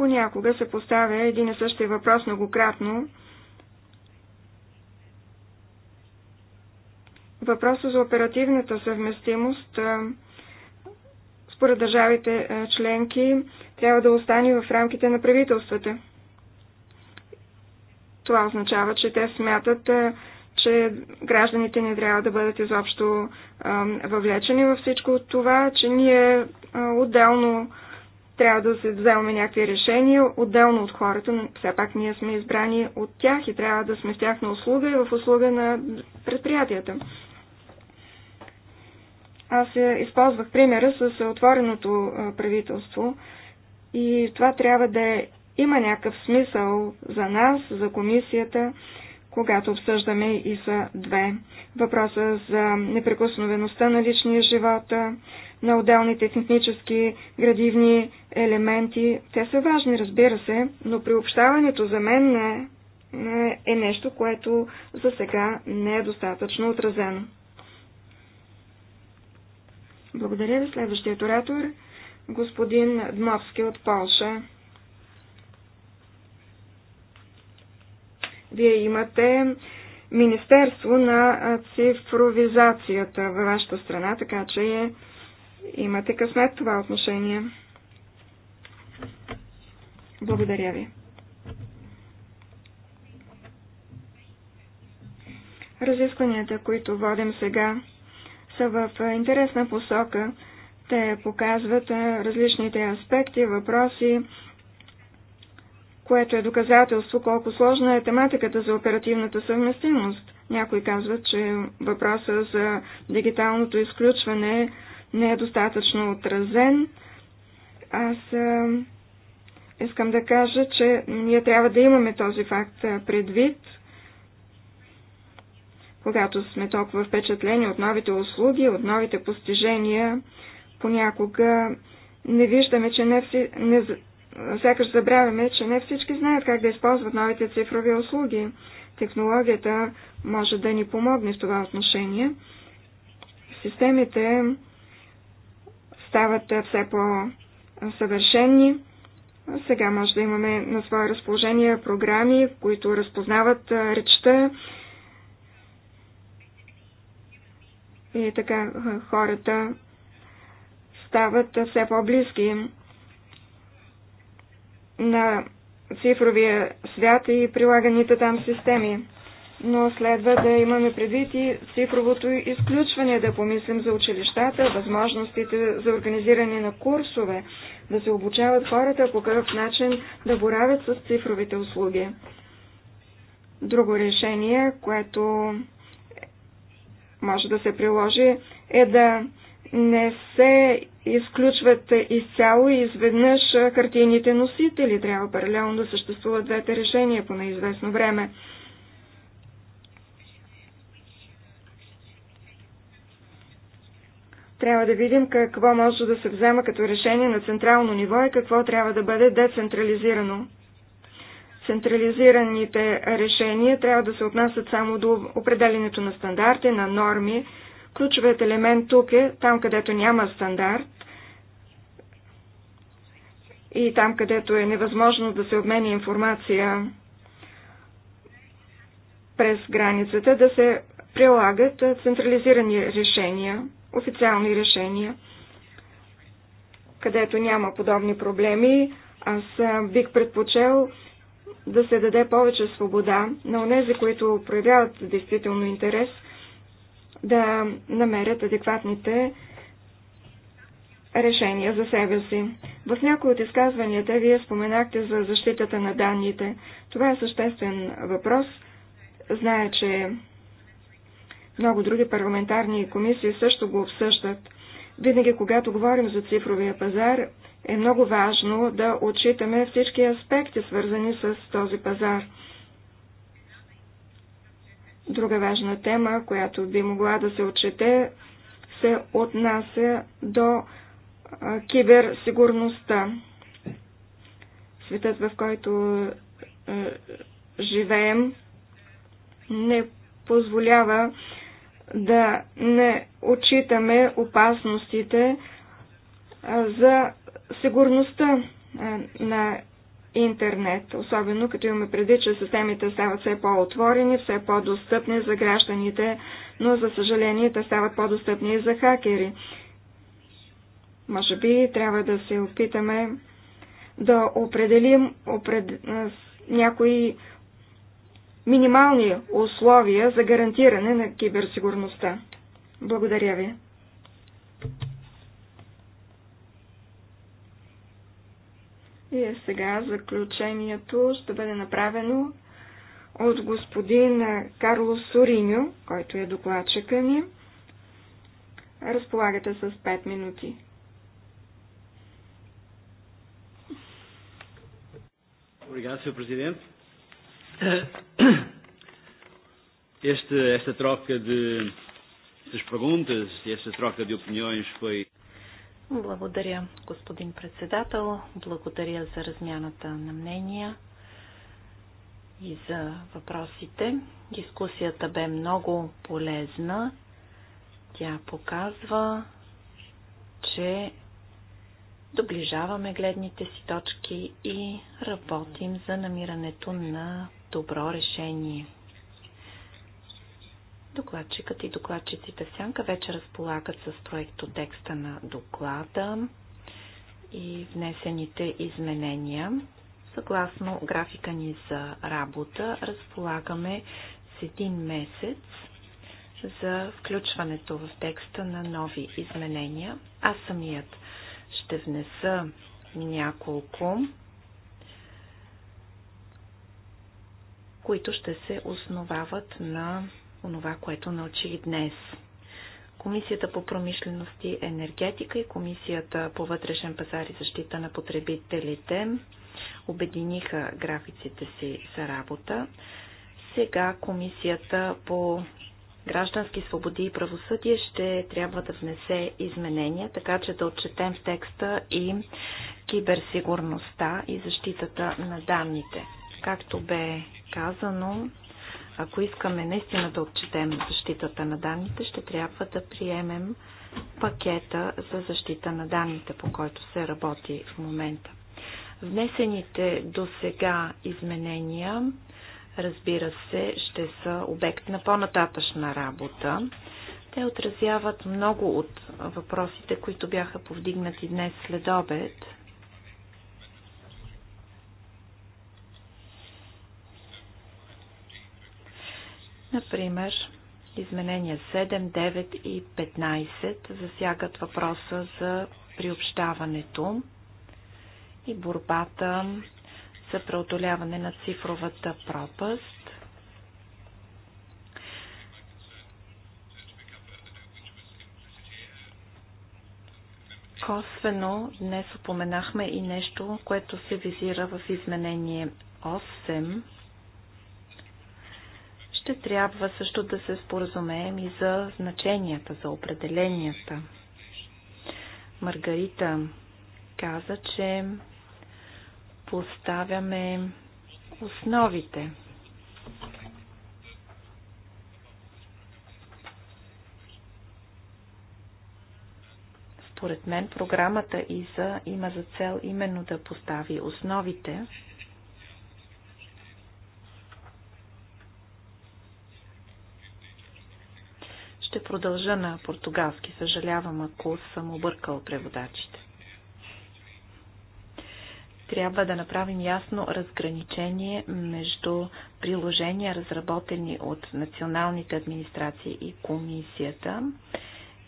Понякога се поставя един и същи въпрос многократно. Въпросът за оперативната съвместимост според държавите членки трябва да остане в рамките на правителствата. Това означава, че те смятат, че гражданите не трябва да бъдат изобщо въвлечени във всичко от това, че ние отделно трябва да се вземаме някакви решения отделно от хората, но все пак ние сме избрани от тях и трябва да сме в тяхна услуга и в услуга на предприятията. Аз е, използвах примера с е, отвореното е, правителство и това трябва да има някакъв смисъл за нас, за комисията когато обсъждаме и са две. Въпроса за неприкосновеността на личния живота, на отделните технически градивни елементи. Те са важни, разбира се, но приобщаването за мен не е нещо, което за сега не е достатъчно отразено. Благодаря ви. Следващият оратор господин Дмовски от Полша. Вие имате Министерство на цифровизацията във вашата страна, така че имате късмет това отношение. Благодаря ви. Разискванията, които водим сега, са в интересна посока. Те показват различните аспекти, въпроси, което е доказателство колко сложна е тематиката за оперативната съвместимост. Някои казват, че въпроса за дигиталното изключване не е достатъчно отразен. Аз искам да кажа, че ние трябва да имаме този факт предвид, когато сме толкова впечатлени от новите услуги, от новите постижения, понякога не виждаме, че не, вси, не, сякаш забравяме, че не всички знаят как да използват новите цифрови услуги. Технологията може да ни помогне в това отношение. Системите стават все по-съвършенни. Сега може да имаме на свое разположение програми, които разпознават речта и така хората стават все по-близки на цифровия свят и прилаганите там системи. Но следва да имаме предвид и цифровото изключване, да помислим за училищата, възможностите за организиране на курсове, да се обучават хората по какъв начин да боравят с цифровите услуги. Друго решение, което може да се приложи, е да не се изключват изцяло и изведнъж картийните носители. Трябва паралелно да съществуват двете решения по неизвестно време. Трябва да видим какво може да се взема като решение на централно ниво и какво трябва да бъде децентрализирано. Централизираните решения трябва да се отнасят само до определенето на стандарти, на норми, Ключовият елемент тук е там, където няма стандарт и там, където е невъзможно да се обменя информация през границата, да се прилагат централизирани решения, официални решения, където няма подобни проблеми. Аз бих предпочел да се даде повече свобода на онези, които проявяват действително интерес – да намерят адекватните решения за себе си. В някои от изказванията вие споменахте за защитата на данните. Това е съществен въпрос. Зная, че много други парламентарни комисии също го обсъждат. Винаги, когато говорим за цифровия пазар, е много важно да отчитаме всички аспекти, свързани с този пазар. Друга важна тема, която би могла да се отчете, се отнася до киберсигурността. Светът, в който живеем, не позволява да не отчитаме опасностите за сигурността на интернет, особено като имаме преди, че системите стават все по-отворени, все по-достъпни за гражданите, но за съжаление те стават по-достъпни и за хакери. Може би трябва да се опитаме да определим опред... някои минимални условия за гарантиране на киберсигурността. Благодаря ви. И сега заключението ще бъде направено от господин Карло Сориньо, който е докладчика ни. Разполагате с 5 минути. Obrigado, Sr. Presidente. Este, esta troca de de perguntas, e esta troca de opiniões foi. Благодаря, господин председател. Благодаря за размяната на мнения и за въпросите. Дискусията бе много полезна. Тя показва, че доближаваме гледните си точки и работим за намирането на добро решение. Докладчикът и докладчиците в сянка вече разполагат с проекто текста на доклада и внесените изменения. Съгласно графика ни за работа, разполагаме с един месец за включването в текста на нови изменения. Аз самият ще внеса няколко, които ще се основават на онова, което научих днес. Комисията по промишленост и енергетика и Комисията по вътрешен пазар и защита на потребителите обединиха графиците си за работа. Сега Комисията по граждански свободи и правосъдие ще трябва да внесе изменения, така че да отчетем в текста и киберсигурността и защитата на данните. Както бе казано, ако искаме наистина да отчетем защитата на данните, ще трябва да приемем пакета за защита на данните, по който се работи в момента. Внесените до сега изменения, разбира се, ще са обект на по-нататъчна работа. Те отразяват много от въпросите, които бяха повдигнати днес след обед Например, изменения 7, 9 и 15 засягат въпроса за приобщаването и борбата за преодоляване на цифровата пропаст. Косвено днес упоменахме и нещо, което се визира в изменение 8 ще трябва също да се споразумеем и за значенията, за определенията. Маргарита каза, че поставяме основите. Според мен програмата ИЗА има за цел именно да постави основите Ще продължа на португалски. Съжалявам, ако съм объркал преводачите. Трябва да направим ясно разграничение между приложения, разработени от националните администрации и комисията,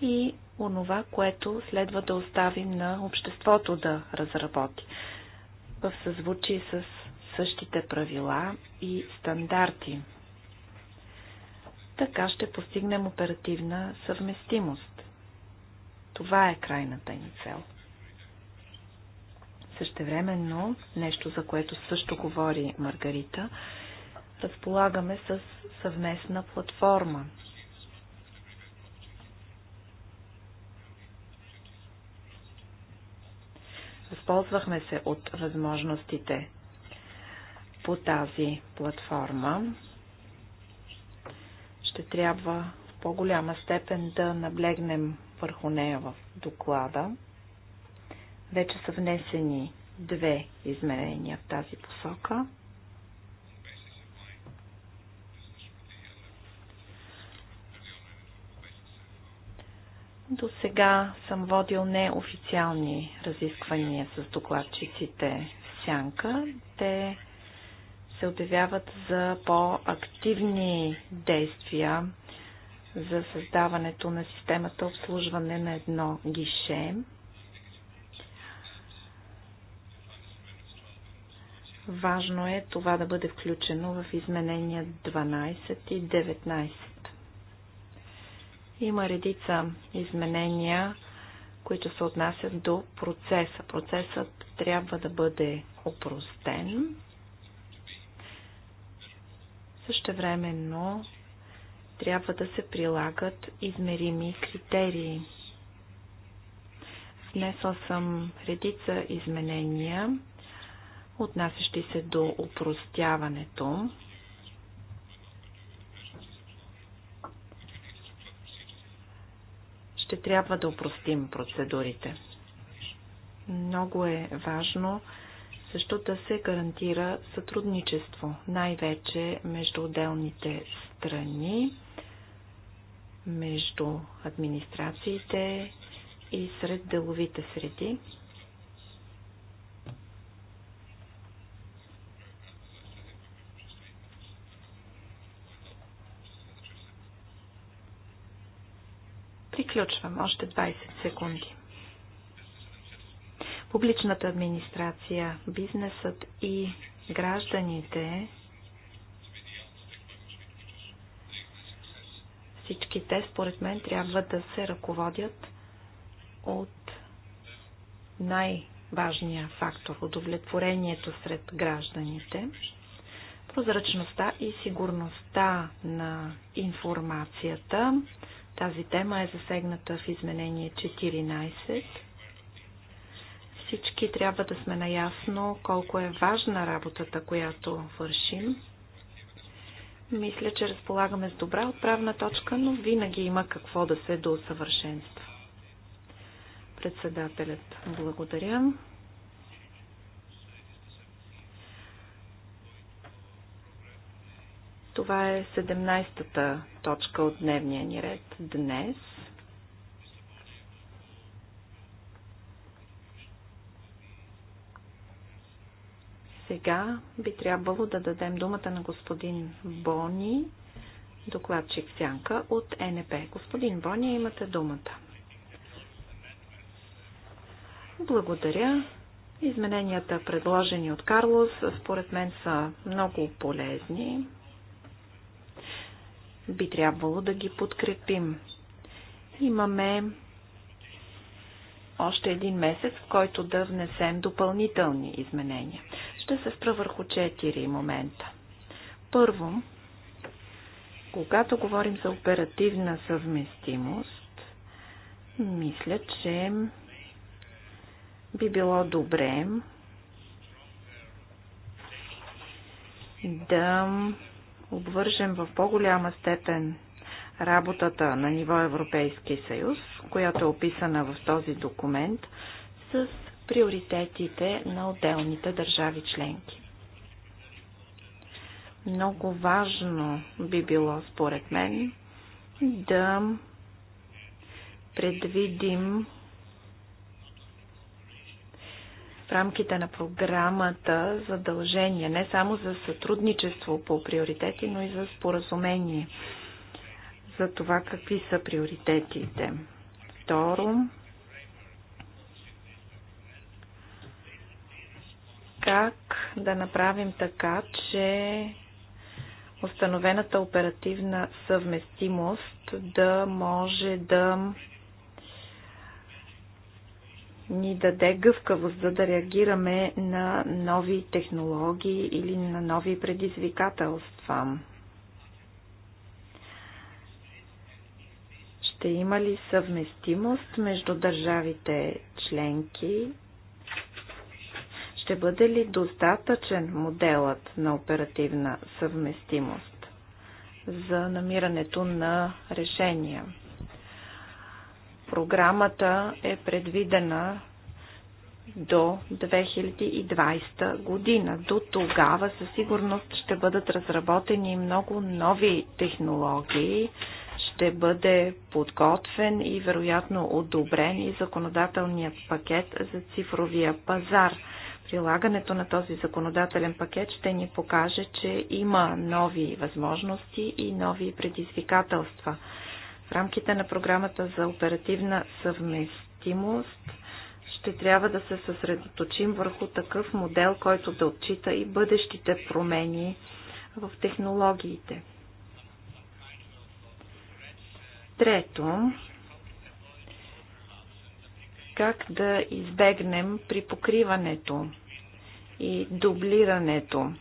и онова, което следва да оставим на обществото да разработи в съзвучие с същите правила и стандарти. Така ще постигнем оперативна съвместимост. Това е крайната ни цел. Същевременно, нещо за което също говори Маргарита, разполагаме с съвместна платформа. Възползвахме се от възможностите по тази платформа. Ще трябва в по-голяма степен да наблегнем върху нея в доклада. Вече са внесени две измерения в тази посока. До сега съм водил неофициални разисквания с докладчиците в Сянка. Те се обявяват за по-активни действия за създаването на системата обслужване на едно гише. Важно е това да бъде включено в изменения 12 и 19. Има редица изменения, които се отнасят до процеса. Процесът трябва да бъде опростен. Същевременно трябва да се прилагат измерими критерии. Внесла съм редица изменения, отнасящи се до упростяването. Ще трябва да упростим процедурите. Много е важно да също да се гарантира сътрудничество, най-вече между отделните страни, между администрациите и сред деловите среди. Приключвам още 20 секунди публичната администрация, бизнесът и гражданите, всички те, според мен, трябва да се ръководят от най-важния фактор – удовлетворението сред гражданите, прозрачността и сигурността на информацията. Тази тема е засегната в изменение 14 всички трябва да сме наясно колко е важна работата, която вършим. Мисля, че разполагаме с добра отправна точка, но винаги има какво да се доусъвършенства. Председателят, благодаря. Това е 17-та точка от дневния ни ред днес – Сега би трябвало да дадем думата на господин Бони, докладчик Сянка от НП. Господин Бони, имате думата. Благодаря. Измененията, предложени от Карлос, според мен са много полезни. Би трябвало да ги подкрепим. Имаме още един месец, в който да внесем допълнителни изменения. Ще се спра върху четири момента. Първо, когато говорим за оперативна съвместимост, мисля, че би било добре да обвържем в по-голяма степен работата на ниво Европейски съюз, която е описана в този документ, с приоритетите на отделните държави членки. Много важно би било, според мен, да предвидим в рамките на програмата задължения не само за сътрудничество по приоритети, но и за споразумение за това какви са приоритетите. Второ, как да направим така, че установената оперативна съвместимост да може да ни даде гъвкавост, за да реагираме на нови технологии или на нови предизвикателства. Ще има ли съвместимост между държавите членки? Ще бъде ли достатъчен моделът на оперативна съвместимост за намирането на решения? Програмата е предвидена до 2020 година. До тогава със сигурност ще бъдат разработени много нови технологии, ще бъде подготвен и вероятно одобрен и законодателният пакет за цифровия пазар. Прилагането на този законодателен пакет ще ни покаже, че има нови възможности и нови предизвикателства. В рамките на програмата за оперативна съвместимост ще трябва да се съсредоточим върху такъв модел, който да отчита и бъдещите промени в технологиите. Трето, как да избегнем при покриването и дублирането.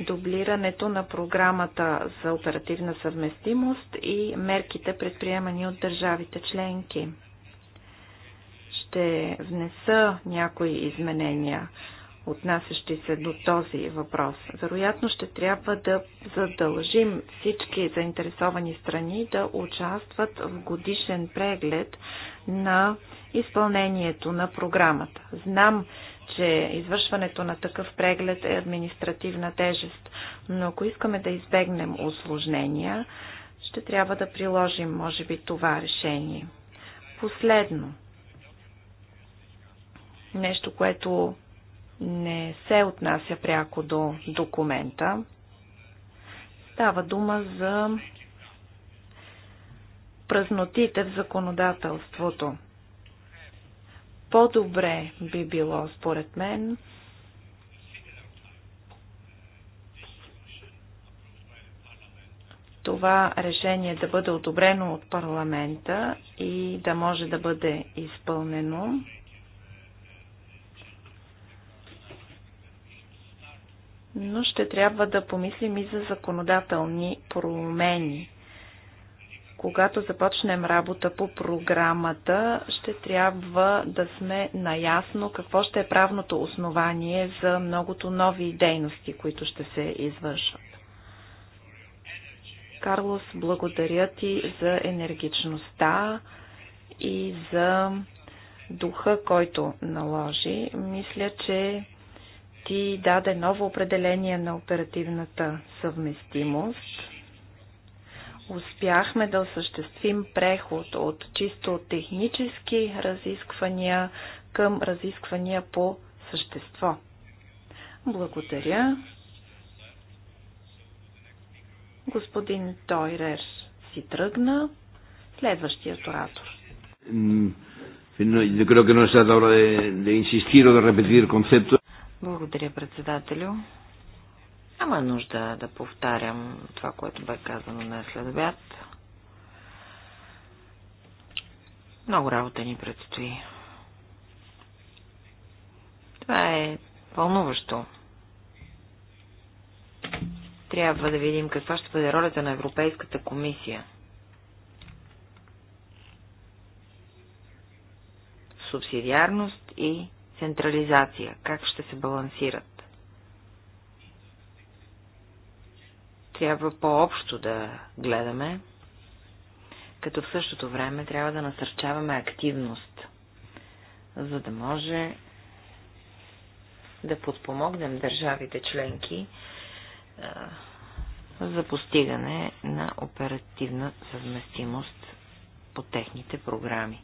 Дублирането на програмата за оперативна съвместимост и мерките предприемани от държавите членки. Ще внеса някои изменения отнасящи се до този въпрос. Вероятно ще трябва да задължим всички заинтересовани страни да участват в годишен преглед на изпълнението на програмата. Знам, че извършването на такъв преглед е административна тежест, но ако искаме да избегнем осложнения, ще трябва да приложим, може би, това решение. Последно, нещо, което не се отнася пряко до документа. Става дума за празнотите в законодателството. По-добре би било, според мен, това решение да бъде одобрено от парламента и да може да бъде изпълнено. но ще трябва да помислим и за законодателни промени. Когато започнем работа по програмата, ще трябва да сме наясно какво ще е правното основание за многото нови дейности, които ще се извършват. Карлос, благодаря ти за енергичността и за духа, който наложи. Мисля, че ти даде ново определение на оперативната съвместимост. Успяхме да осъществим преход от чисто технически разисквания към разисквания по същество. Благодаря. Господин Тойрер си тръгна. Следващият оратор. Yo creo que no se trata ahora de, de insistir o de repetir conceptos. Благодаря, председателю. Няма нужда да повтарям това, което бе казано на след обяд. Много работа ни предстои. Това е вълнуващо. Трябва да видим каква ще бъде ролята на Европейската комисия. Субсидиарност и централизация? Как ще се балансират? Трябва по-общо да гледаме, като в същото време трябва да насърчаваме активност, за да може да подпомогнем държавите членки за постигане на оперативна съвместимост по техните програми.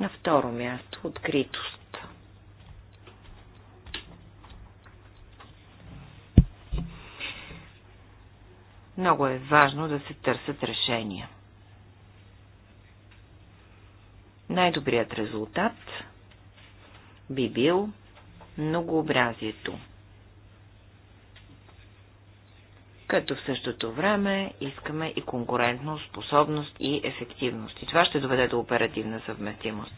На второ място откритост. Много е важно да се търсят решения. Най-добрият резултат би бил многообразието като в същото време искаме и конкурентност, способност и ефективност. И това ще доведе до оперативна съвместимост.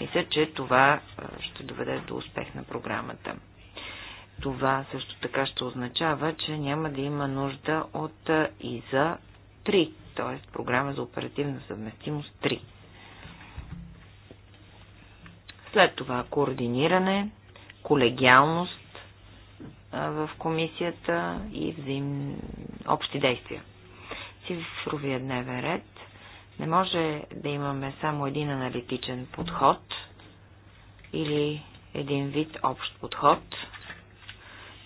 Мисля, че това ще доведе до успех на програмата. Това също така ще означава, че няма да има нужда от ИЗА 3, т.е. програма за оперативна съвместимост 3. След това координиране, колегиалност, в комисията и взаим... общи действия. Цифровия дневен ред. Не може да имаме само един аналитичен подход или един вид общ подход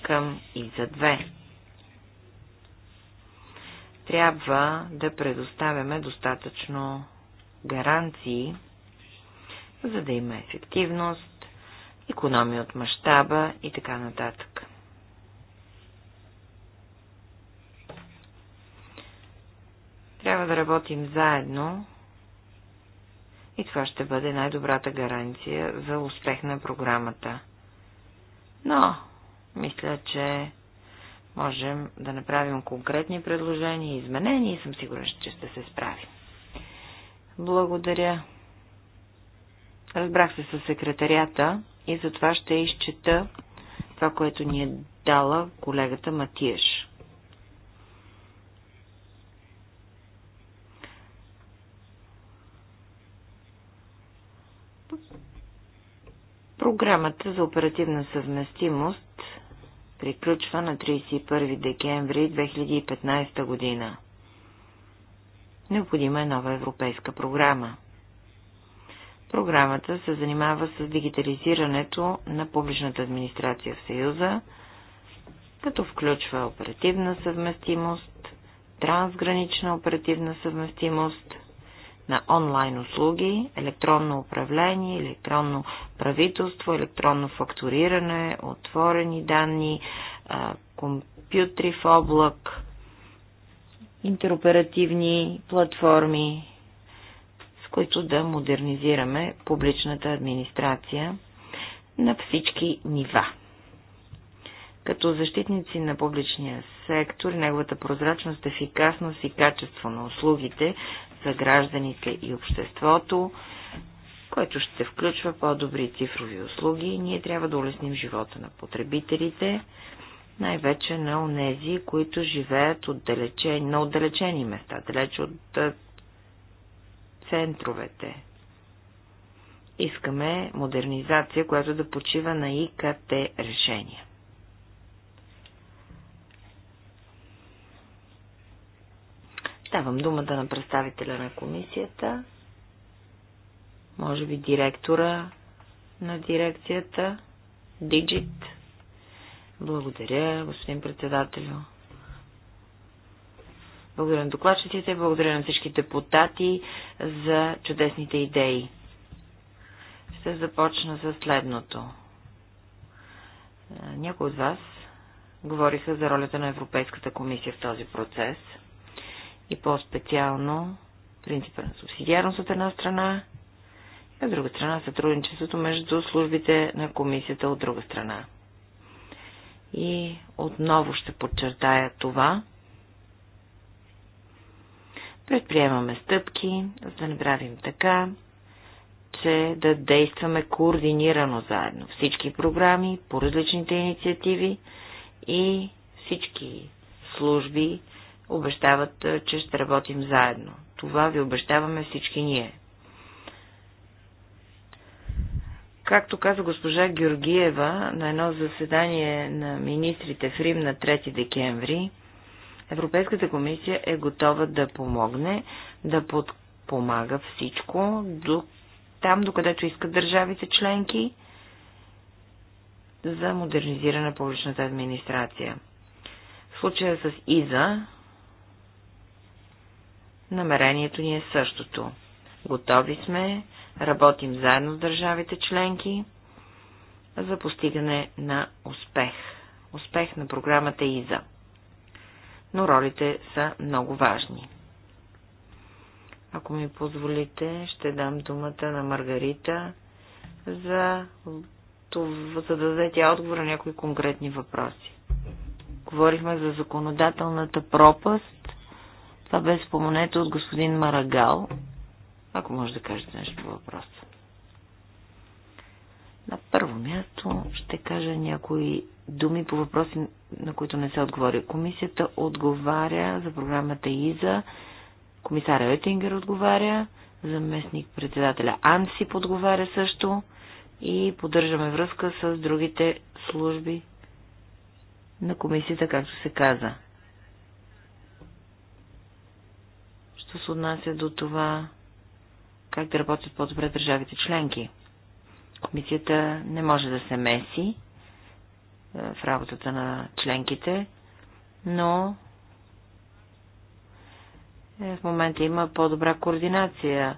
към и за две. Трябва да предоставяме достатъчно гаранции, за да има ефективност, економия от мащаба и така нататък. Трябва да работим заедно и това ще бъде най-добрата гаранция за успех на програмата. Но, мисля, че можем да направим конкретни предложения и изменения и съм сигурен, че ще се справим. Благодаря. Разбрах се с секретарията и затова ще изчета това, което ни е дала колегата Матиеш. Програмата за оперативна съвместимост приключва на 31 декември 2015 година. Необходима е нова европейска програма. Програмата се занимава с дигитализирането на публичната администрация в Съюза, като включва оперативна съвместимост, трансгранична оперативна съвместимост, на онлайн услуги, електронно управление, електронно правителство, електронно фактуриране, отворени данни, компютри в облак, интероперативни платформи, с които да модернизираме публичната администрация на всички нива. Като защитници на публичния сектор, неговата прозрачност, ефикасност и качество на услугите, за гражданите и обществото, което ще включва по-добри цифрови услуги. Ние трябва да улесним живота на потребителите, най-вече на онези, които живеят отдалечени, на отдалечени места, далеч от центровете. Искаме модернизация, която да почива на ИКТ решения. Давам думата на представителя на комисията, може би директора на дирекцията, Диджит. Благодаря, господин председателю. Благодаря на докладчиците, благодаря на всички депутати за чудесните идеи. Ще започна с следното. Някои от вас говориха за ролята на Европейската комисия в този процес – и по-специално принципа на субсидиарност от една страна и от друга страна сътрудничеството между службите на комисията от друга страна. И отново ще подчертая това. Предприемаме стъпки, за да направим така, че да действаме координирано заедно. Всички програми, по различните инициативи и всички служби обещават, че ще работим заедно. Това ви обещаваме всички ние. Както каза госпожа Георгиева на едно заседание на министрите в Рим на 3 декември, Европейската комисия е готова да помогне, да подпомага всичко, до, там докъдето искат държавите членки, за модернизиране на публичната администрация. В случая с ИЗА намерението ни е същото. Готови сме, работим заедно с държавите членки за постигане на успех. Успех на програмата ИЗА. Но ролите са много важни. Ако ми позволите, ще дам думата на Маргарита за, за да даде тя отговор на някои конкретни въпроси. Говорихме за законодателната пропаст това бе споменето от господин Марагал. Ако може да кажете нещо по въпроса. На първо място ще кажа някои думи по въпроси, на които не се отговори. Комисията отговаря за програмата ИЗА, комисаря Етингер отговаря, заместник председателя Ансип отговаря също и поддържаме връзка с другите служби на комисията, както се каза. Що се отнася до това, как да работят по-добре държавите членки? Комисията не може да се меси е, в работата на членките, но е, в момента има по-добра координация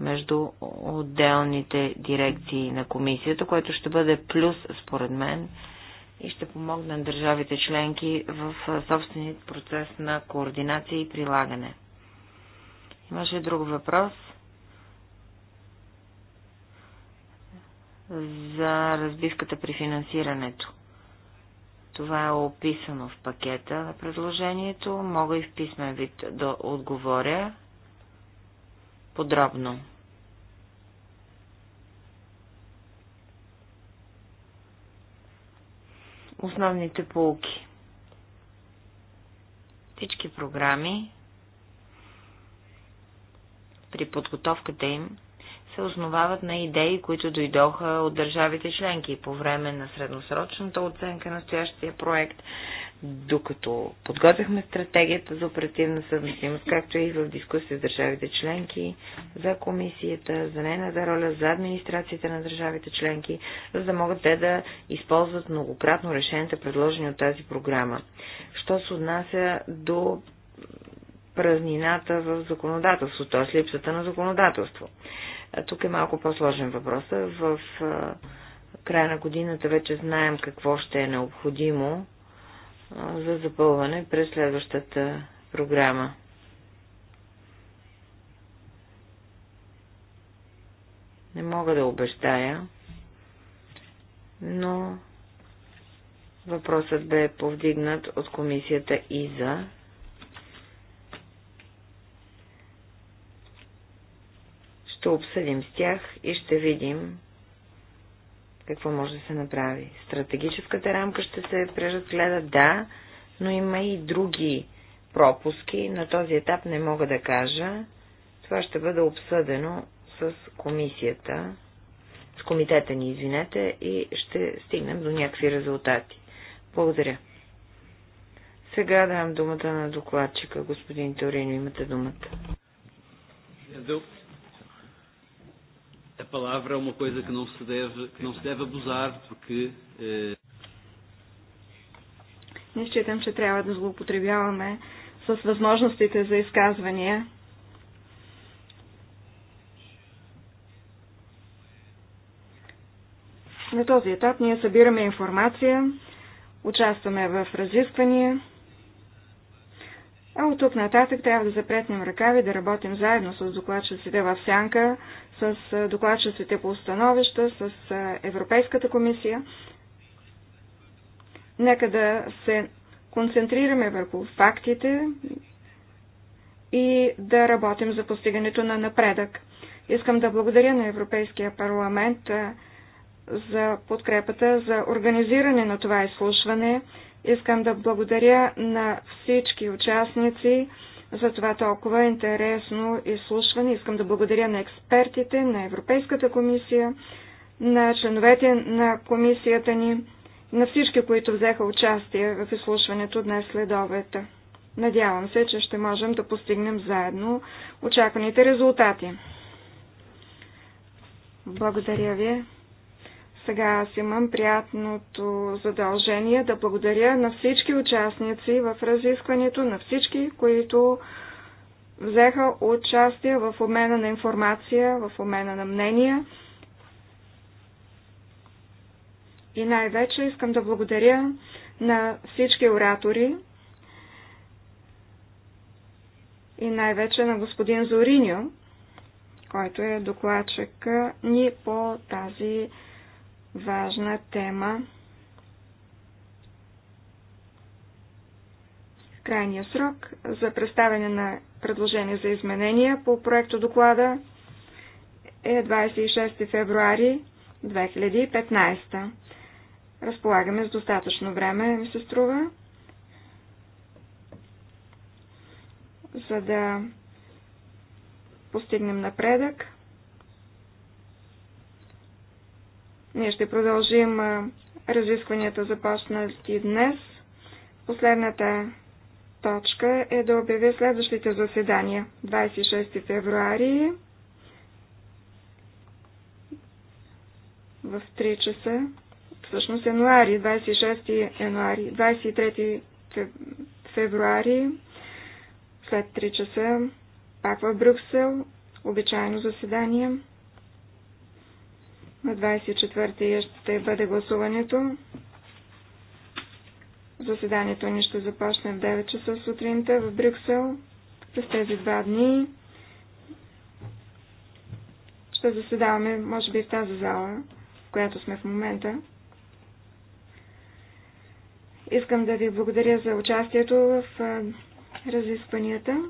между отделните дирекции на комисията, което ще бъде плюс според мен и ще помогне на държавите членки в е, собствения процес на координация и прилагане. Имаше друг въпрос за разбивката при финансирането. Това е описано в пакета на предложението. Мога и в писмен вид да отговоря подробно. Основните полки Всички програми при подготовката им се основават на идеи, които дойдоха от държавите членки по време на средносрочната оценка на настоящия проект, докато подготвяхме стратегията за оперативна съвместимост, както и в дискусия с държавите членки, за комисията, за нейната роля, за администрацията на държавите членки, за да могат те да използват многократно решенията, предложени от тази програма. Що се отнася до празнината в законодателство, т.е. липсата на законодателство. Тук е малко по-сложен въпрос. В края на годината вече знаем какво ще е необходимо за запълване през следващата програма. Не мога да обещая, но въпросът бе повдигнат от комисията ИЗА ще обсъдим с тях и ще видим какво може да се направи. Стратегическата рамка ще се преразгледа, да, но има и други пропуски. На този етап не мога да кажа. Това ще бъде обсъдено с комисията, с комитета ни, извинете, и ще стигнем до някакви резултати. Благодаря. Сега давам думата на докладчика. Господин Торино, имате думата palavra é uma coisa que não se deve, que não se deve abusar, porque. Е... Не считам, че трябва да злоупотребяваме с възможностите за изказвания. На този етап ние събираме информация, участваме в разисквания. А от тук нататък трябва да запретнем ръкави, да работим заедно с докладчиците в сянка, с докладчиците по установища, с Европейската комисия. Нека да се концентрираме върху фактите и да работим за постигането на напредък. Искам да благодаря на Европейския парламент за подкрепата за организиране на това изслушване. Искам да благодаря на всички участници за това толкова интересно изслушване. Искам да благодаря на експертите, на Европейската комисия, на членовете на комисията ни, на всички, които взеха участие в изслушването днес след обета. Надявам се, че ще можем да постигнем заедно очакваните резултати. Благодаря ви. Сега аз имам приятното задължение да благодаря на всички участници в разискването, на всички, които взеха участие в обмена на информация, в обмена на мнения. И най-вече искам да благодаря на всички оратори и най-вече на господин Зориньо, който е докладчик ни по тази важна тема. Крайния срок за представяне на предложение за изменения по проекто доклада е 26 февруари 2015. Разполагаме с достатъчно време, ми се струва, за да постигнем напредък. Ние ще продължим разискванията започнати днес. Последната точка е да обявя следващите заседания. 26 февруари в 3 часа, всъщност януари, 26 януари, 23 февруари след 3 часа пак в Брюксел, обичайно заседание. На 24-я ще бъде гласуването. Заседанието ни ще започне в 9 часа сутринта в Брюксел. През тези два дни ще заседаваме, може би, в тази зала, в която сме в момента. Искам да ви благодаря за участието в разискванията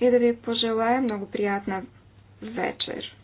и да ви пожелая много приятна вечер.